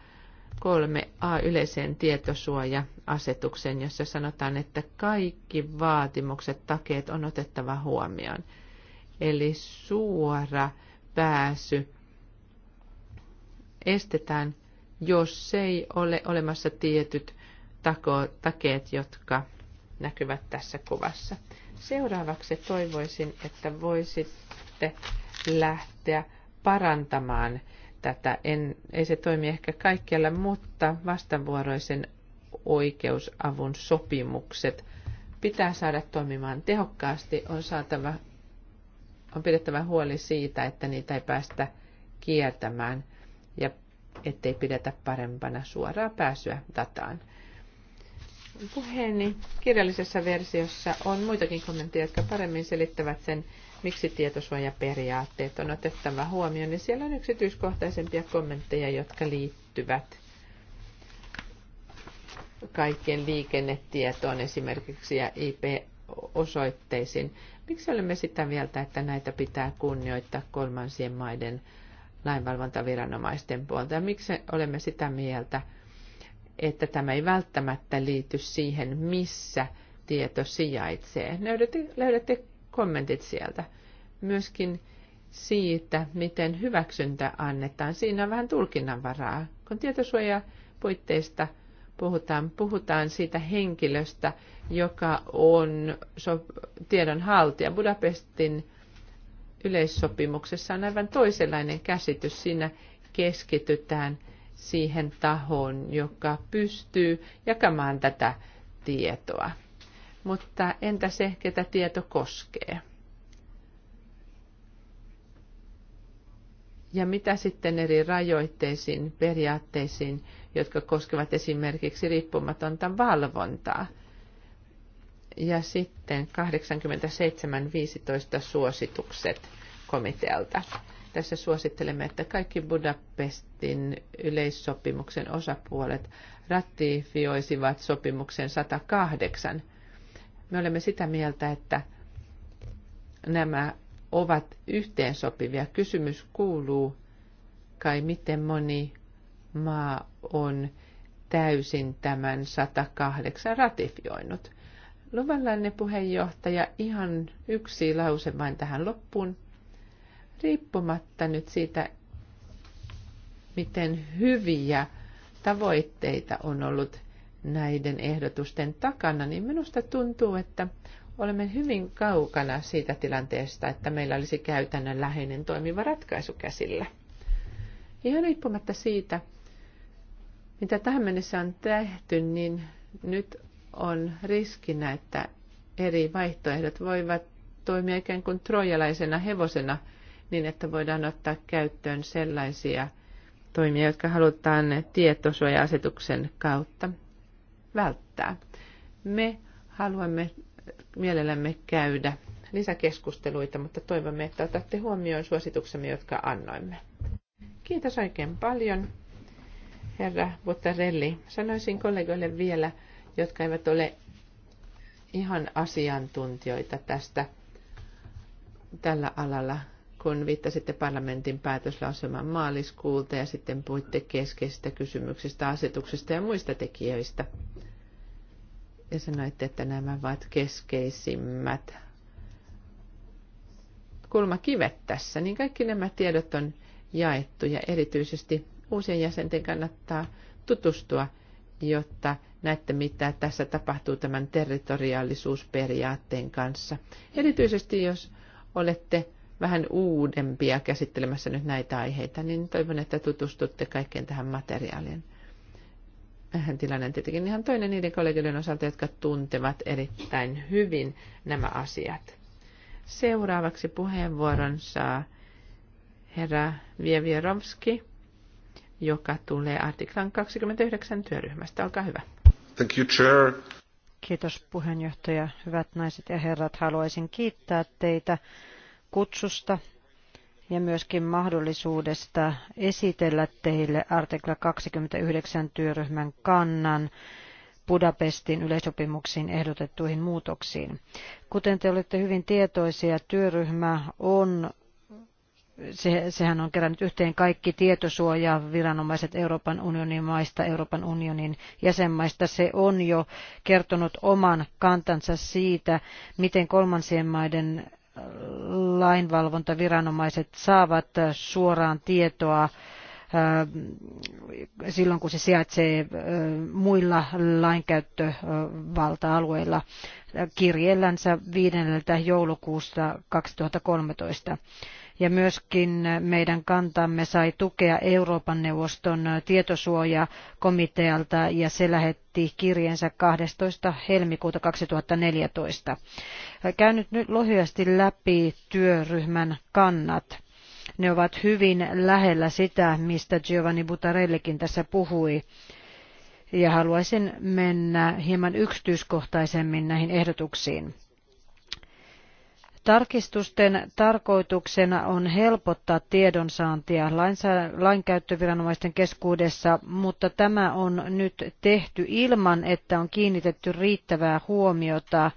3a yleiseen tietosuoja-asetukseen, jossa sanotaan, että kaikki vaatimukset, takeet on otettava huomioon. Eli suora pääsy estetään, jos ei ole olemassa tietyt tako, takeet, jotka näkyvät tässä kuvassa. Seuraavaksi toivoisin, että voisitte lähteä parantamaan tätä. En, ei se toimi ehkä kaikkialla, mutta vastavuoroisen oikeusavun sopimukset pitää saada toimimaan tehokkaasti. On, saatava, on pidettävä huoli siitä, että niitä ei päästä kiertämään ja ettei pidetä parempana suoraa pääsyä dataan. Puheeni kirjallisessa versiossa on muitakin kommentteja, jotka paremmin selittävät sen, miksi tietosuojaperiaatteet on otettava huomioon, niin siellä on yksityiskohtaisempia kommentteja, jotka liittyvät kaikkien liikennetietoon esimerkiksi ja IP-osoitteisiin. Miksi olemme sitä mieltä, että näitä pitää kunnioittaa kolmansien maiden lainvalvontaviranomaisten puolta? Ja miksi olemme sitä mieltä, että tämä ei välttämättä liity siihen, missä tieto sijaitsee? Löydätte, löydätte kommentit sieltä. Myöskin siitä, miten hyväksyntä annetaan. Siinä on vähän tulkinnanvaraa. Kun tietosuojapuitteista puhutaan, puhutaan siitä henkilöstä, joka on tiedonhaltija. Budapestin yleissopimuksessa on aivan toisenlainen käsitys. Siinä keskitytään siihen tahoon, joka pystyy jakamaan tätä tietoa mutta entä se, ketä tieto koskee? Ja mitä sitten eri rajoitteisiin, periaatteisiin, jotka koskevat esimerkiksi riippumatonta valvontaa? Ja sitten 87.15 suositukset komitealta. Tässä suosittelemme, että kaikki Budapestin yleissopimuksen osapuolet ratifioisivat sopimuksen 108 me olemme sitä mieltä, että nämä ovat yhteensopivia. Kysymys kuuluu kai, miten moni maa on täysin tämän 108 ratifioinut. Luvanlainen puheenjohtaja, ihan yksi lause vain tähän loppuun. Riippumatta nyt siitä, miten hyviä tavoitteita on ollut näiden ehdotusten takana, niin minusta tuntuu, että olemme hyvin kaukana siitä tilanteesta, että meillä olisi käytännön läheinen toimiva ratkaisu käsillä. Ihan riippumatta siitä, mitä tähän mennessä on tehty, niin nyt on riskinä, että eri vaihtoehdot voivat toimia ikään kuin trojalaisena hevosena niin, että voidaan ottaa käyttöön sellaisia toimia, jotka halutaan tietosuoja-asetuksen kautta välttää. Me haluamme mielellämme käydä lisäkeskusteluita, mutta toivomme, että otatte huomioon suosituksemme, jotka annoimme. Kiitos oikein paljon, herra Buttarelli. Sanoisin kollegoille vielä, jotka eivät ole ihan asiantuntijoita tästä tällä alalla, kun viittasitte parlamentin päätöslauselman maaliskuulta ja sitten puhuitte keskeisistä kysymyksistä, asetuksista ja muista tekijöistä. Ja sanoitte, että nämä ovat keskeisimmät kulmakivet tässä, niin kaikki nämä tiedot on jaettu ja erityisesti uusien jäsenten kannattaa tutustua, jotta näette, mitä tässä tapahtuu tämän territoriaalisuusperiaatteen kanssa. Erityisesti jos olette vähän uudempia käsittelemässä nyt näitä aiheita, niin toivon, että tutustutte kaikkeen tähän materiaaliin. Vähän tilanne on tietenkin ihan toinen niiden kollegioiden osalta, jotka tuntevat erittäin hyvin nämä asiat. Seuraavaksi puheenvuoron saa herra Vievierovski, joka tulee artiklan 29 työryhmästä. Olkaa hyvä. Thank you, Chair. Kiitos puheenjohtaja. Hyvät naiset ja herrat, haluaisin kiittää teitä kutsusta ja myöskin mahdollisuudesta esitellä teille artikla 29 työryhmän kannan Budapestin yleisopimuksiin ehdotettuihin muutoksiin. Kuten te olette hyvin tietoisia, työryhmä on se, sehän on kerännyt yhteen kaikki tietosuojaa viranomaiset Euroopan unionin maista, Euroopan unionin jäsenmaista. Se on jo kertonut oman kantansa siitä, miten kolmansien maiden lainvalvontaviranomaiset saavat suoraan tietoa äh, silloin, kun se sijaitsee äh, muilla lainkäyttövalta-alueilla äh, kirjeellänsä 5. joulukuusta 2013 ja myöskin meidän kantamme sai tukea Euroopan neuvoston tietosuojakomitealta ja se lähetti kirjeensä 12. helmikuuta 2014. Käyn nyt, nyt lyhyesti läpi työryhmän kannat. Ne ovat hyvin lähellä sitä, mistä Giovanni Butarellikin tässä puhui ja haluaisin mennä hieman yksityiskohtaisemmin näihin ehdotuksiin. Tarkistusten tarkoituksena on helpottaa tiedonsaantia lainkäyttöviranomaisten keskuudessa, mutta tämä on nyt tehty ilman, että on kiinnitetty riittävää huomiota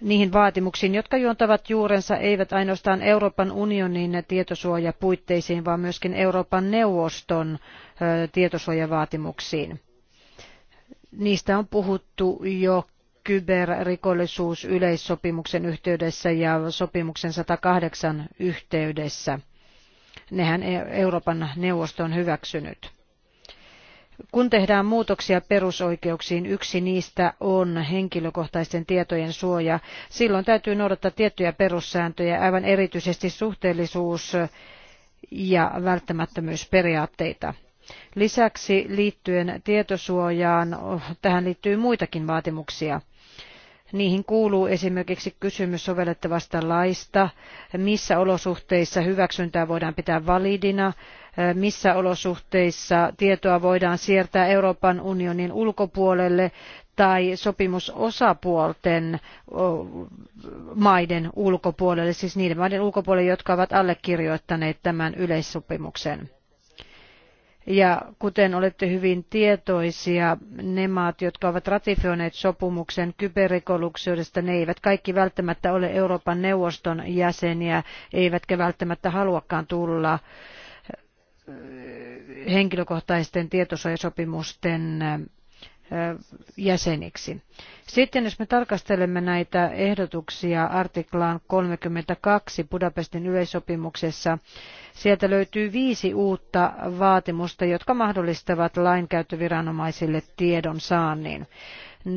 niihin vaatimuksiin, jotka juontavat juurensa eivät ainoastaan Euroopan unionin tietosuojapuitteisiin, vaan myöskin Euroopan neuvoston tietosuojavaatimuksiin. Niistä on puhuttu jo kyberrikollisuus yleissopimuksen yhteydessä ja sopimuksen 108 yhteydessä. Nehän e- Euroopan neuvosto on hyväksynyt. Kun tehdään muutoksia perusoikeuksiin, yksi niistä on henkilökohtaisten tietojen suoja. Silloin täytyy noudattaa tiettyjä perussääntöjä, aivan erityisesti suhteellisuus ja välttämättömyysperiaatteita. Lisäksi liittyen tietosuojaan, tähän liittyy muitakin vaatimuksia. Niihin kuuluu esimerkiksi kysymys sovellettavasta laista, missä olosuhteissa hyväksyntää voidaan pitää validina, missä olosuhteissa tietoa voidaan siirtää Euroopan unionin ulkopuolelle tai sopimusosapuolten maiden ulkopuolelle, siis niiden maiden ulkopuolelle, jotka ovat allekirjoittaneet tämän yleissopimuksen. Ja kuten olette hyvin tietoisia, ne maat, jotka ovat ratifioineet sopimuksen kyberrikollisuudesta, ne eivät kaikki välttämättä ole Euroopan neuvoston jäseniä, eivätkä välttämättä haluakaan tulla äh, henkilökohtaisten tietosuojasopimusten äh, jäseniksi. Sitten jos me tarkastelemme näitä ehdotuksia artiklaan 32 Budapestin yleisopimuksessa, sieltä löytyy viisi uutta vaatimusta, jotka mahdollistavat lainkäyttöviranomaisille tiedon saannin.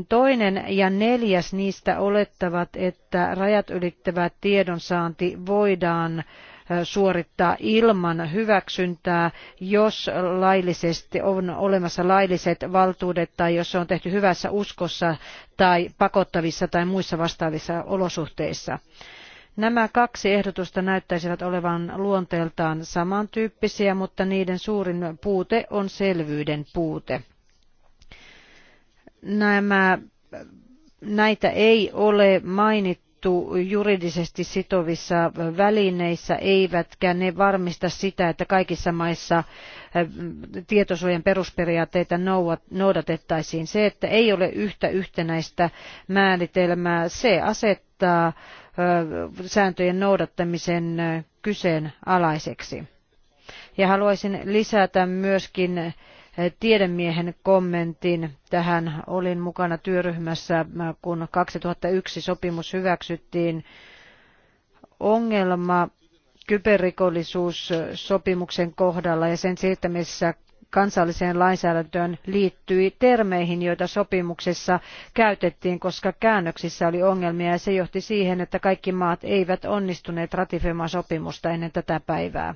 Toinen ja neljäs niistä olettavat, että rajat ylittävä tiedonsaanti voidaan suorittaa ilman hyväksyntää, jos laillisesti on olemassa lailliset valtuudet tai jos se on tehty hyvässä uskossa tai pakottavissa tai muissa vastaavissa olosuhteissa. Nämä kaksi ehdotusta näyttäisivät olevan luonteeltaan samantyyppisiä, mutta niiden suurin puute on selvyyden puute. Nämä, näitä ei ole mainittu sovittu juridisesti sitovissa välineissä, eivätkä ne varmista sitä, että kaikissa maissa tietosuojan perusperiaatteita noudatettaisiin. Se, että ei ole yhtä yhtenäistä määritelmää, se asettaa sääntöjen noudattamisen kyseenalaiseksi. Ja haluaisin lisätä myöskin tiedemiehen kommentin tähän. Olin mukana työryhmässä, äh, kun 2001 sopimus hyväksyttiin. Ongelma kyberrikollisuussopimuksen kohdalla ja sen siirtämisessä kansalliseen lainsäädäntöön liittyi termeihin, joita sopimuksessa käytettiin, koska käännöksissä oli ongelmia ja se johti siihen, että kaikki maat eivät onnistuneet ratifioimaan sopimusta ennen tätä päivää.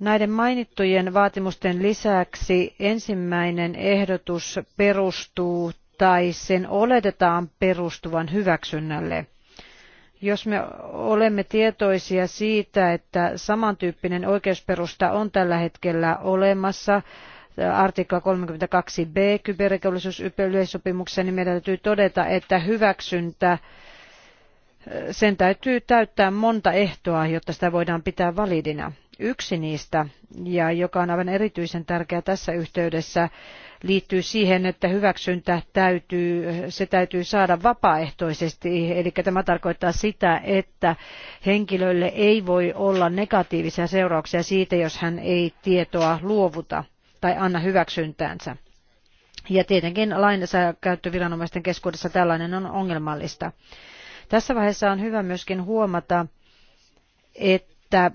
Näiden mainittujen vaatimusten lisäksi ensimmäinen ehdotus perustuu tai sen oletetaan perustuvan hyväksynnälle. Jos me olemme tietoisia siitä, että samantyyppinen oikeusperusta on tällä hetkellä olemassa, artikla 32b kyberrikollisuusyleissopimuksessa, niin meidän täytyy todeta, että hyväksyntä sen täytyy täyttää monta ehtoa, jotta sitä voidaan pitää validina. Yksi niistä, ja joka on aivan erityisen tärkeä tässä yhteydessä, liittyy siihen, että hyväksyntä täytyy, se täytyy saada vapaaehtoisesti. Eli tämä tarkoittaa sitä, että henkilölle ei voi olla negatiivisia seurauksia siitä, jos hän ei tietoa luovuta tai anna hyväksyntäänsä. Ja tietenkin lainkäyttöviranomaisten keskuudessa tällainen on ongelmallista. Tässä vaiheessa on hyvä myöskin huomata, että että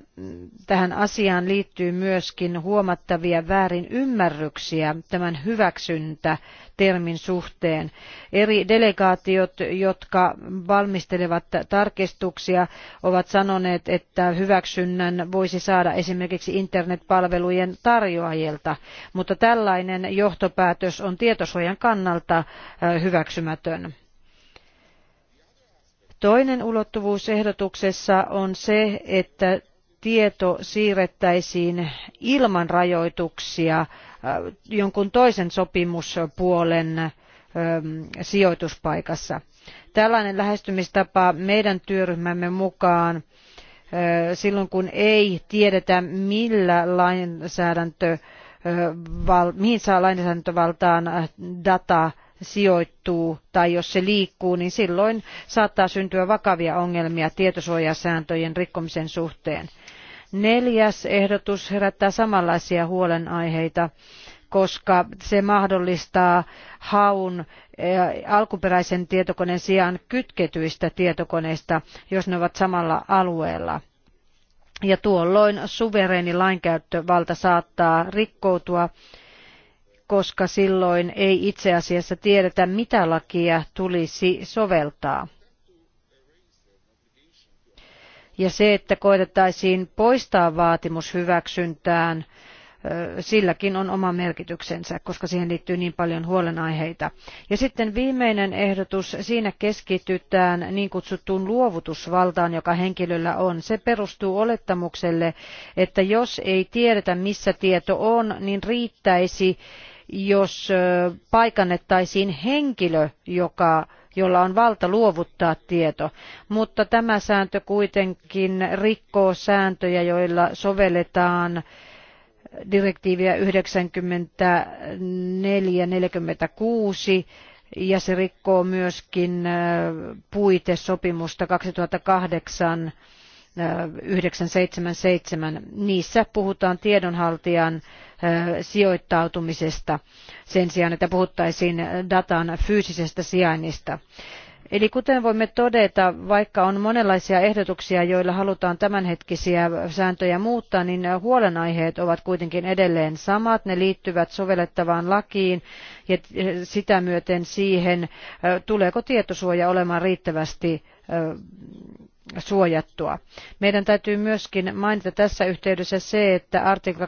tähän asiaan liittyy myöskin huomattavia väärinymmärryksiä tämän hyväksyntä termin suhteen. Eri delegaatiot, jotka valmistelevat tarkistuksia, ovat sanoneet, että hyväksynnän voisi saada esimerkiksi internetpalvelujen tarjoajilta, mutta tällainen johtopäätös on tietosuojan kannalta hyväksymätön. Toinen ulottuvuus ehdotuksessa on se, että tieto siirrettäisiin ilman rajoituksia äh, jonkun toisen sopimuspuolen ähm, sijoituspaikassa. Tällainen lähestymistapa meidän työryhmämme mukaan äh, silloin kun ei tiedetä millä lainsäädäntö äh, mihin saa lainsäädäntövaltaan data sijoittuu tai jos se liikkuu, niin silloin saattaa syntyä vakavia ongelmia tietosuojasääntöjen rikkomisen suhteen. Neljäs ehdotus herättää samanlaisia huolenaiheita, koska se mahdollistaa haun eh, alkuperäisen tietokoneen sijaan kytketyistä tietokoneista, jos ne ovat samalla alueella ja tuolloin suvereeni lainkäyttövalta saattaa rikkoutua koska silloin ei itse asiassa tiedetä, mitä lakia tulisi soveltaa. Ja se, että koetettaisiin poistaa vaatimus hyväksyntään, silläkin on oma merkityksensä, koska siihen liittyy niin paljon huolenaiheita. Ja sitten viimeinen ehdotus, siinä keskitytään niin kutsuttuun luovutusvaltaan, joka henkilöllä on. Se perustuu olettamukselle, että jos ei tiedetä missä tieto on, niin riittäisi jos paikannettaisiin henkilö, joka jolla on valta luovuttaa tieto, mutta tämä sääntö kuitenkin rikkoo sääntöjä, joilla sovelletaan direktiiviä 94-46 ja se rikkoo myöskin puitesopimusta 2008 977. Niissä puhutaan tiedonhaltijan sijoittautumisesta sen sijaan, että puhuttaisiin datan fyysisestä sijainnista. Eli kuten voimme todeta, vaikka on monenlaisia ehdotuksia, joilla halutaan tämänhetkisiä sääntöjä muuttaa, niin huolenaiheet ovat kuitenkin edelleen samat. Ne liittyvät sovellettavaan lakiin ja sitä myöten siihen, tuleeko tietosuoja olemaan riittävästi suojattua. Meidän täytyy myöskin mainita tässä yhteydessä se, että artikla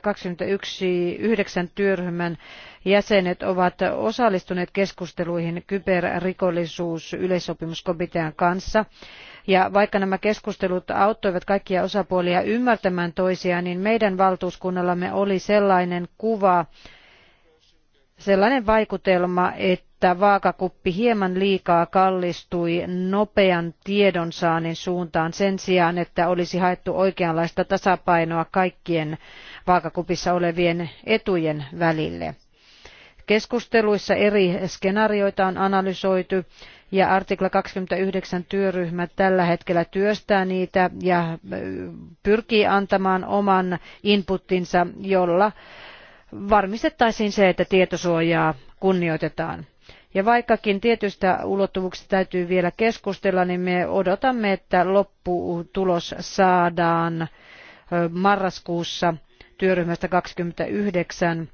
21.9 työryhmän jäsenet ovat osallistuneet keskusteluihin kyberrikollisuus yleissopimuskomitean kanssa. Ja vaikka nämä keskustelut auttoivat kaikkia osapuolia ymmärtämään toisiaan, niin meidän valtuuskunnallamme oli sellainen kuva, sellainen vaikutelma, että että vaakakuppi hieman liikaa kallistui nopean tiedonsaannin suuntaan sen sijaan, että olisi haettu oikeanlaista tasapainoa kaikkien vaakakupissa olevien etujen välille. Keskusteluissa eri skenaarioita on analysoitu ja artikla 29 työryhmä tällä hetkellä työstää niitä ja pyrkii antamaan oman inputtinsa, jolla varmistettaisiin se, että tietosuojaa kunnioitetaan. Ja vaikkakin tietystä ulottuvuuksista täytyy vielä keskustella, niin me odotamme, että lopputulos saadaan marraskuussa työryhmästä 29.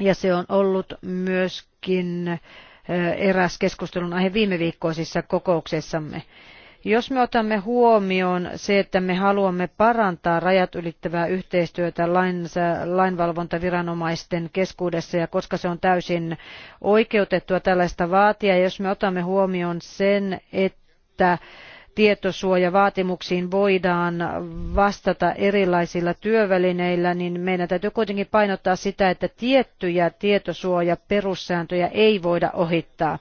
Ja se on ollut myöskin eräs keskustelun aihe viime viikkoisissa kokouksessamme. Jos me otamme huomioon se, että me haluamme parantaa rajat ylittävää yhteistyötä lainvalvontaviranomaisten keskuudessa, ja koska se on täysin oikeutettua tällaista vaatia, jos me otamme huomioon sen, että että tietosuojavaatimuksiin voidaan vastata erilaisilla työvälineillä, niin meidän täytyy kuitenkin painottaa sitä, että tiettyjä tietosuojaperussääntöjä ei voida ohittaa.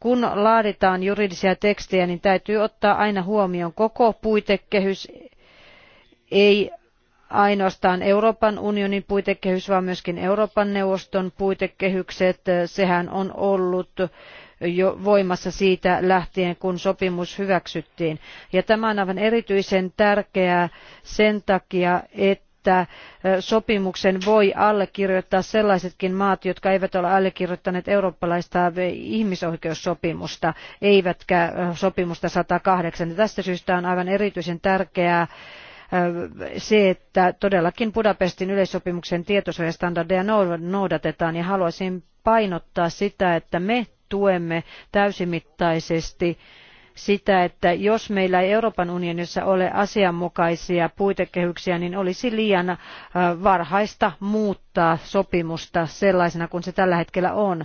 Kun laaditaan juridisia tekstejä, niin täytyy ottaa aina huomioon koko puitekehys, ei ainoastaan Euroopan unionin puitekehys, vaan myöskin Euroopan neuvoston puitekehykset. Sehän on ollut jo voimassa siitä lähtien, kun sopimus hyväksyttiin. Ja tämä on aivan erityisen tärkeää sen takia, että että sopimuksen voi allekirjoittaa sellaisetkin maat, jotka eivät ole allekirjoittaneet eurooppalaista ihmisoikeussopimusta, eivätkä sopimusta 108. Ja tästä syystä on aivan erityisen tärkeää se, että todellakin Budapestin yleissopimuksen tietosuojastandardeja noudatetaan ja haluaisin painottaa sitä, että me tuemme täysimittaisesti sitä, että jos meillä ei Euroopan unionissa ole asianmukaisia puitekehyksiä, niin olisi liian äh, varhaista muuttaa sopimusta sellaisena kuin se tällä hetkellä on.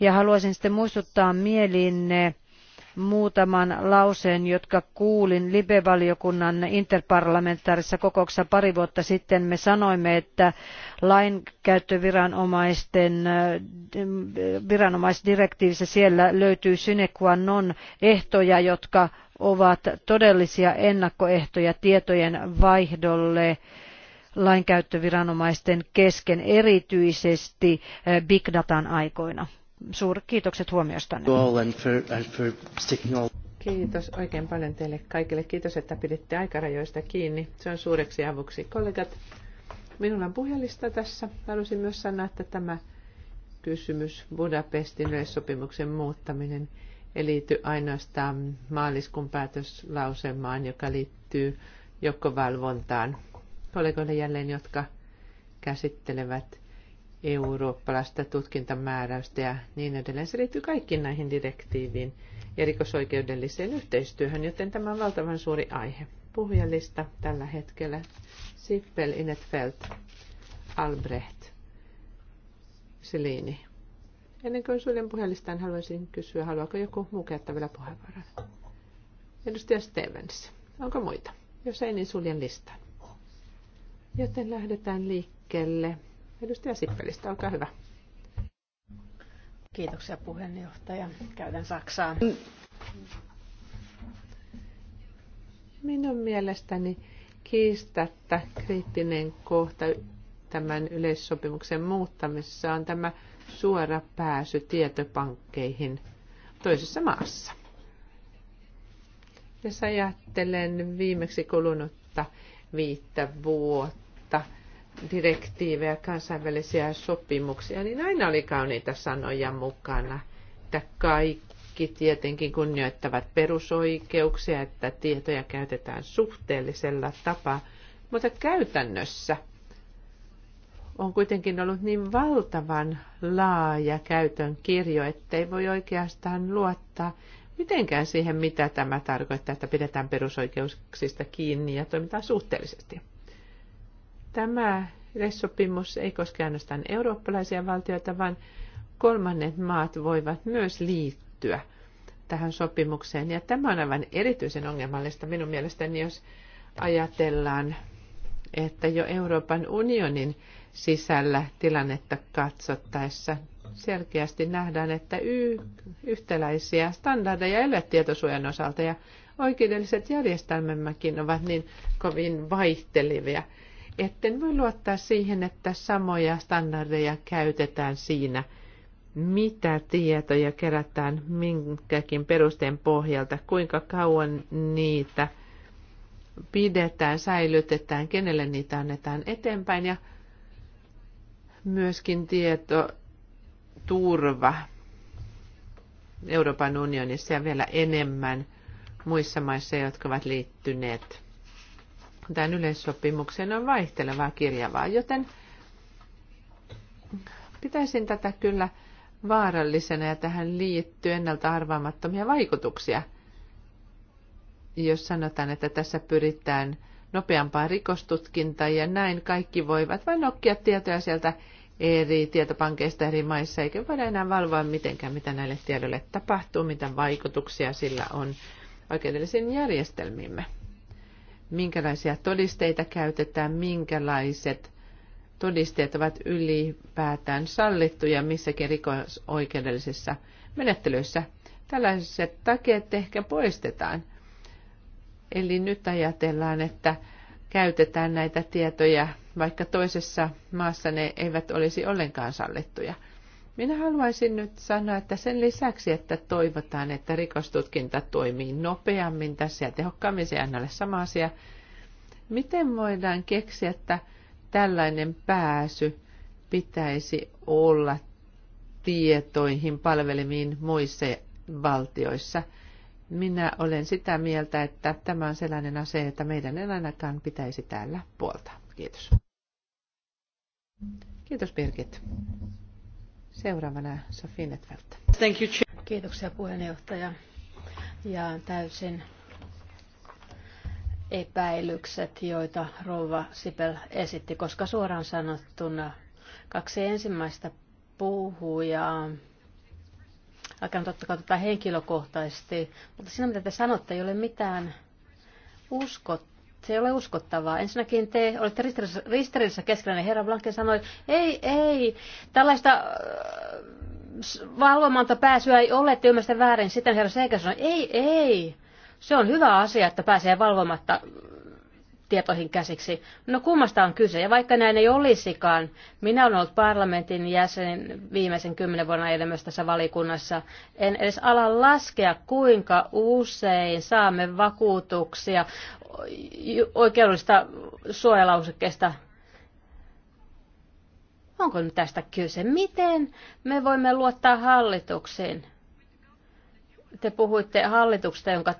Ja haluaisin sitten muistuttaa mieliinne muutaman lauseen, jotka kuulin Libe-valiokunnan interparlamentaarissa kokouksessa pari vuotta sitten. Me sanoimme, että lainkäyttöviranomaisten viranomaisdirektiivissä siellä löytyy sine qua non ehtoja, jotka ovat todellisia ennakkoehtoja tietojen vaihdolle lainkäyttöviranomaisten kesken erityisesti eh, big datan aikoina suuret kiitokset huomiostanne. Kiitos oikein paljon teille kaikille. Kiitos, että piditte aikarajoista kiinni. Se on suureksi avuksi. Kollegat, minulla on puhelista tässä. Haluaisin myös sanoa, että tämä kysymys Budapestin yleissopimuksen muuttaminen ei liity ainoastaan maaliskuun päätöslausemaan, joka liittyy joukkovalvontaan. Kollegoille jälleen, jotka käsittelevät eurooppalaista tutkintamääräystä ja niin edelleen. Se liittyy kaikkiin näihin direktiiviin ja rikosoikeudelliseen yhteistyöhön, joten tämä on valtavan suuri aihe. Puhujalista tällä hetkellä Sippel, Inetfeld, Albrecht, Selini. Ennen kuin suljen puhelistaan haluaisin kysyä, haluaako joku muu käyttää vielä puheenvuoron? Edustaja Stevens, onko muita? Jos ei, niin suljen listan. Joten lähdetään liikkeelle Edustaja Sippelistä, olkaa hyvä. Kiitoksia puheenjohtaja. Käytän Saksaan. Minun mielestäni kiistatta kriittinen kohta tämän yleissopimuksen muuttamisessa on tämä suora pääsy tietopankkeihin toisessa maassa. Jos ajattelen viimeksi kulunutta viittä vuotta, direktiivejä, kansainvälisiä sopimuksia, niin aina oli kauniita sanoja mukana, että kaikki tietenkin kunnioittavat perusoikeuksia, että tietoja käytetään suhteellisella tapaa, mutta käytännössä on kuitenkin ollut niin valtavan laaja käytön kirjo, ettei voi oikeastaan luottaa mitenkään siihen, mitä tämä tarkoittaa, että pidetään perusoikeuksista kiinni ja toimitaan suhteellisesti. Tämä yleissopimus ei koske ainoastaan eurooppalaisia valtioita, vaan kolmannet maat voivat myös liittyä tähän sopimukseen. Ja tämä on aivan erityisen ongelmallista minun mielestäni, jos ajatellaan, että jo Euroopan unionin sisällä tilannetta katsottaessa selkeästi nähdään, että y- yhtäläisiä standardeja ei ole tietosuojan osalta ja oikeudelliset järjestelmämmekin ovat niin kovin vaihtelevia etten voi luottaa siihen, että samoja standardeja käytetään siinä, mitä tietoja kerätään minkäkin perusteen pohjalta, kuinka kauan niitä pidetään, säilytetään, kenelle niitä annetaan eteenpäin ja myöskin tieto, turva Euroopan unionissa ja vielä enemmän muissa maissa, jotka ovat liittyneet tämän yleissopimuksen on vaihtelevaa kirjavaa, joten pitäisin tätä kyllä vaarallisena ja tähän liittyy ennalta arvaamattomia vaikutuksia. Jos sanotaan, että tässä pyritään nopeampaan rikostutkintaan ja näin kaikki voivat vain nokkia tietoja sieltä eri tietopankeista eri maissa, eikä voida enää valvoa mitenkään, mitä näille tiedoille tapahtuu, mitä vaikutuksia sillä on oikeudellisiin järjestelmiimme minkälaisia todisteita käytetään, minkälaiset todisteet ovat ylipäätään sallittuja missäkin rikosoikeudellisissa menettelyissä. Tällaiset takeet ehkä poistetaan. Eli nyt ajatellaan, että käytetään näitä tietoja, vaikka toisessa maassa ne eivät olisi ollenkaan sallittuja – minä haluaisin nyt sanoa, että sen lisäksi, että toivotaan, että rikostutkinta toimii nopeammin tässä ja tehokkaammin, se ei ole sama asia. Miten voidaan keksiä, että tällainen pääsy pitäisi olla tietoihin palvelemiin muissa valtioissa? Minä olen sitä mieltä, että tämä on sellainen asia, että meidän ei ainakaan pitäisi täällä puolta. Kiitos. Kiitos Birgit. Seuraavana Sofi Netfeldt. Thank you. Kiitoksia puheenjohtaja. Jaan täysin epäilykset, joita Rouva Sipel esitti, koska suoraan sanottuna kaksi ensimmäistä puhujaa alkanut ottakaa tätä henkilökohtaisesti, mutta siinä mitä te sanotte ei ole mitään uskottavaa se ei ole uskottavaa. Ensinnäkin te olette ristiriidassa keskenään, herra Blanke sanoi, ei, ei, tällaista äh, valvomanta pääsyä ei ole, että ymmärrätte väärin. Sitten herra Seikä sanoi, ei, ei, se on hyvä asia, että pääsee valvomatta tietoihin käsiksi. No kummasta on kyse? Ja vaikka näin ei olisikaan, minä olen ollut parlamentin jäsen viimeisen kymmenen vuonna ajan myös tässä valikunnassa. En edes ala laskea, kuinka usein saamme vakuutuksia oikeudellista suojalausekkeesta. Onko nyt tästä kyse? Miten me voimme luottaa hallituksiin? Te puhuitte hallituksesta, jonka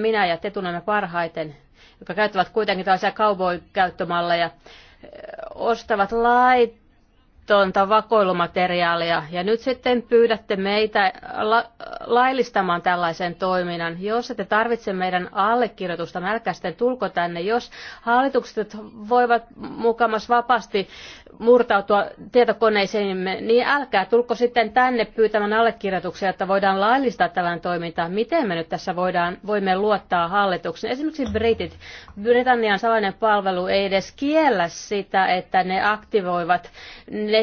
minä ja te tunnemme parhaiten jotka käyttävät kuitenkin tällaisia cowboy-käyttömalleja, ostavat lait, tuota vakoilumateriaalia. Ja nyt sitten pyydätte meitä la- laillistamaan tällaisen toiminnan. Jos ette tarvitse meidän allekirjoitusta, älkää sitten tulko tänne. Jos hallitukset voivat mukamas vapaasti murtautua tietokoneisiimme, niin älkää tulko sitten tänne pyytämään allekirjoituksia, että voidaan laillistaa tällainen toiminta. Miten me nyt tässä voidaan, voimme luottaa hallituksen? Esimerkiksi Britit. Britannian salainen palvelu ei edes kiellä sitä, että ne aktivoivat ne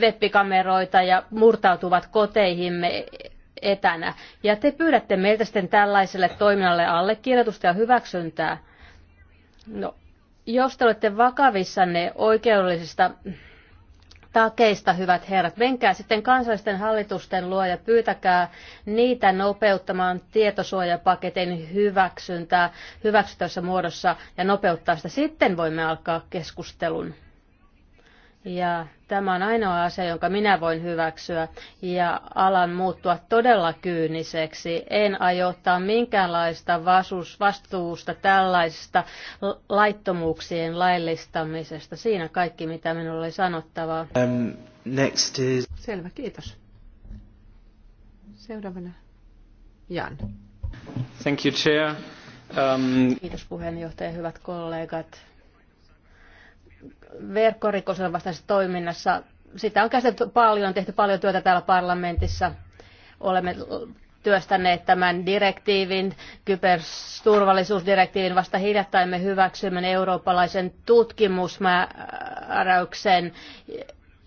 webbikameroita ja murtautuvat koteihimme etänä. Ja te pyydätte meiltä sitten tällaiselle toiminnalle allekirjoitusta ja hyväksyntää. No, jos te olette vakavissanne oikeudellisista takeista, hyvät herrat, menkää sitten kansallisten hallitusten luo ja pyytäkää niitä nopeuttamaan tietosuojapaketin hyväksyntää hyväksytössä muodossa ja nopeuttaa sitä. Sitten voimme alkaa keskustelun. Ja tämä on ainoa asia, jonka minä voin hyväksyä ja alan muuttua todella kyyniseksi. En aio ottaa minkäänlaista vastuusta tällaisesta laittomuuksien laillistamisesta. Siinä kaikki, mitä minulla oli sanottavaa. Um, next is... Selvä, kiitos. Seuraavana Jan. Thank you, Chair. Um... Kiitos puheenjohtaja, hyvät kollegat verkkorikosen vastaisessa toiminnassa. Sitä on käsitelty paljon, tehty paljon työtä täällä parlamentissa. Olemme työstäneet tämän direktiivin, kyberturvallisuusdirektiivin vasta hiljattain me hyväksymme eurooppalaisen tutkimusmääräyksen,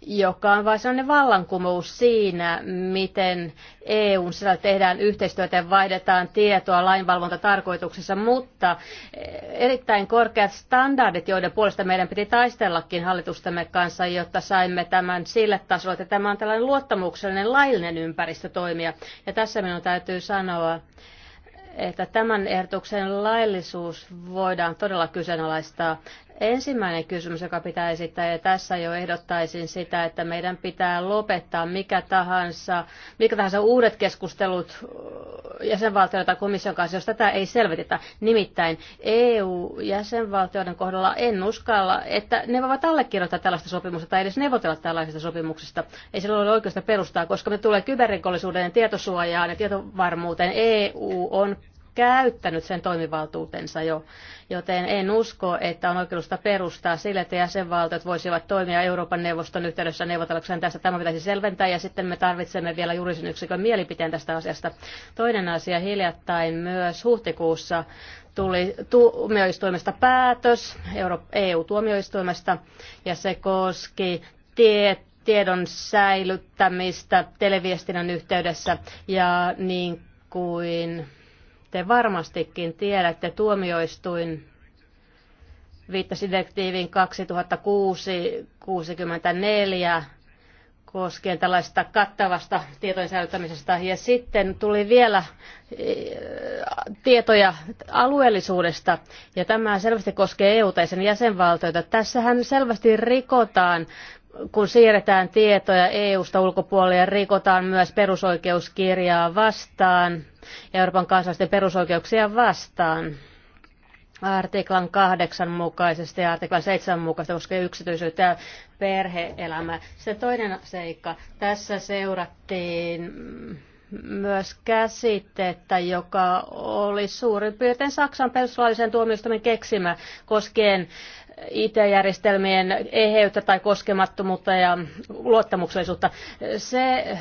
joka on vain sellainen vallankumous siinä, miten EUn sisällä tehdään yhteistyötä ja vaihdetaan tietoa lainvalvontatarkoituksessa, mutta eh, erittäin korkeat standardit, joiden puolesta meidän piti taistellakin hallitustamme kanssa, jotta saimme tämän sille tasolle, että tämä on tällainen luottamuksellinen laillinen ympäristö toimia. Ja tässä minun täytyy sanoa, että tämän ehdotuksen laillisuus voidaan todella kyseenalaistaa. Ensimmäinen kysymys, joka pitää esittää, ja tässä jo ehdottaisin sitä, että meidän pitää lopettaa mikä tahansa, mikä tahansa uudet keskustelut jäsenvaltioiden tai komission kanssa, jos tätä ei selvitetä. Nimittäin EU-jäsenvaltioiden kohdalla en uskalla, että ne voivat allekirjoittaa tällaista sopimusta tai edes neuvotella tällaisista sopimuksista. Ei sillä ole oikeusta perustaa, koska me tulee kyberrikollisuuden ja tietosuojaan ja tietovarmuuteen. EU on käyttänyt sen toimivaltuutensa jo, joten en usko, että on oikeusta perustaa sille, että jäsenvaltiot voisivat toimia Euroopan neuvoston yhteydessä neuvotellakseen tästä. Tämä pitäisi selventää ja sitten me tarvitsemme vielä juurisen yksikön mielipiteen tästä asiasta. Toinen asia hiljattain myös huhtikuussa tuli tuomioistuimesta päätös, EU-tuomioistuimesta, ja se koski tiettyä tiedon säilyttämistä televiestinnän yhteydessä ja niin kuin te varmastikin tiedätte tuomioistuin viittasidektiivin direktiivin 2006-64 koskien tällaista kattavasta tietojen säilyttämisestä. Ja sitten tuli vielä eh, tietoja alueellisuudesta, ja tämä selvästi koskee EU- sen jäsenvaltioita. Tässähän selvästi rikotaan kun siirretään tietoja EU-sta ulkopuolelle ja rikotaan myös perusoikeuskirjaa vastaan ja Euroopan kansalaisten perusoikeuksia vastaan artiklan 8 mukaisesti ja artiklan 7 mukaisesti koskee yksityisyyttä ja perhe-elämää. Se toinen seikka. Tässä seurattiin myös käsitettä, joka oli suurin piirtein Saksan perustuslaillisen tuomioistuimen keksimä koskien IT-järjestelmien eheyttä tai koskemattomuutta ja luottamuksellisuutta. Se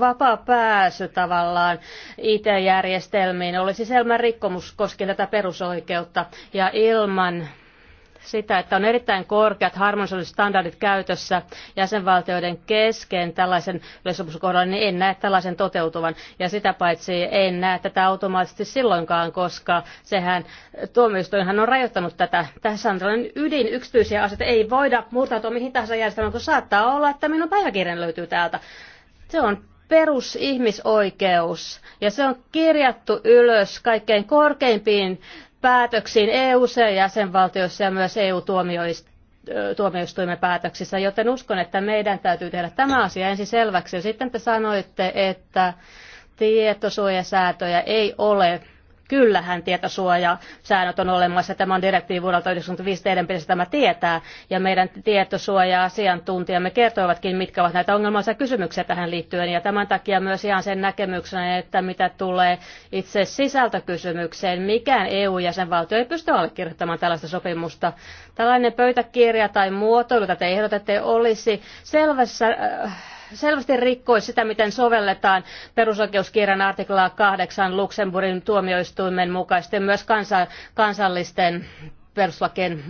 vapaa pääsy tavallaan IT-järjestelmiin olisi selmä rikkomus koskien tätä perusoikeutta ja ilman sitä, että on erittäin korkeat harmonisoidut standardit käytössä jäsenvaltioiden kesken tällaisen yleissopimuksen kohdalla, niin en näe tällaisen toteutuvan. Ja sitä paitsi en näe tätä automaattisesti silloinkaan, koska sehän tuomioistuinhan on rajoittanut tätä. Tässä on tällainen ydin yksityisiä asioita. Ei voida murtautua mihin tahansa järjestelmään, kun saattaa olla, että minun päiväkirjan löytyy täältä. Se on perusihmisoikeus ja se on kirjattu ylös kaikkein korkeimpiin päätöksiin EU-se ja jäsenvaltioissa ja myös eu tuomioistuimen päätöksissä, joten uskon, että meidän täytyy tehdä tämä asia ensin selväksi. Ja sitten te sanoitte, että tietosuojasäätöjä ei ole kyllähän tietosuojasäännöt on olemassa. Tämä on direktiivi vuodelta 1995, teidän pitäisi tämä tietää. Ja meidän tietosuoja-asiantuntijamme kertoivatkin, mitkä ovat näitä ongelmallisia kysymyksiä tähän liittyen. Ja tämän takia myös ihan sen näkemyksenä, että mitä tulee itse sisältökysymykseen, mikään EU-jäsenvaltio ei pysty allekirjoittamaan tällaista sopimusta. Tällainen pöytäkirja tai muotoilu, jota te ehdotatte, olisi selvässä äh, selvästi rikkoi sitä, miten sovelletaan perusoikeuskirjan artiklaa 8 Luxemburgin tuomioistuimen mukaisesti ja myös kansa, kansallisten perustuslakien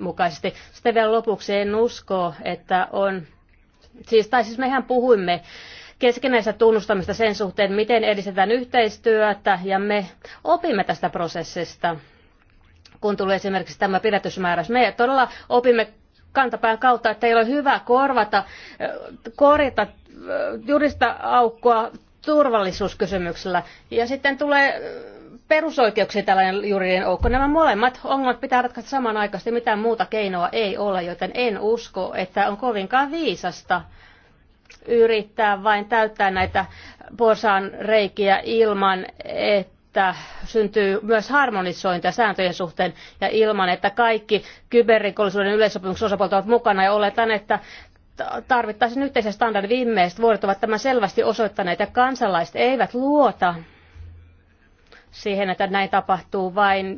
mukaisesti. Sitten vielä lopuksi en usko, että on... Siis, tai siis mehän puhuimme keskinäistä tunnustamista sen suhteen, miten edistetään yhteistyötä ja me opimme tästä prosessista kun tuli esimerkiksi tämä pidätysmääräys. Me todella opimme kantapään kautta, että ei ole hyvä korvata, korjata, jurista aukkoa turvallisuuskysymyksellä. Ja sitten tulee perusoikeuksia tällainen juridinen aukko. Nämä molemmat ongelmat pitää ratkaista samanaikaisesti, mitään muuta keinoa ei ole, joten en usko, että on kovinkaan viisasta yrittää vain täyttää näitä porsaan reikiä ilman, että että syntyy myös harmonisointia sääntöjen suhteen ja ilman, että kaikki kyberrikollisuuden yleissopimuksen osapuolet ovat mukana ja oletan, että tarvittaisiin yhteisiä standardeja. Viimeiset vuodet ovat tämän selvästi osoittaneet ja kansalaiset eivät luota siihen, että näin tapahtuu vain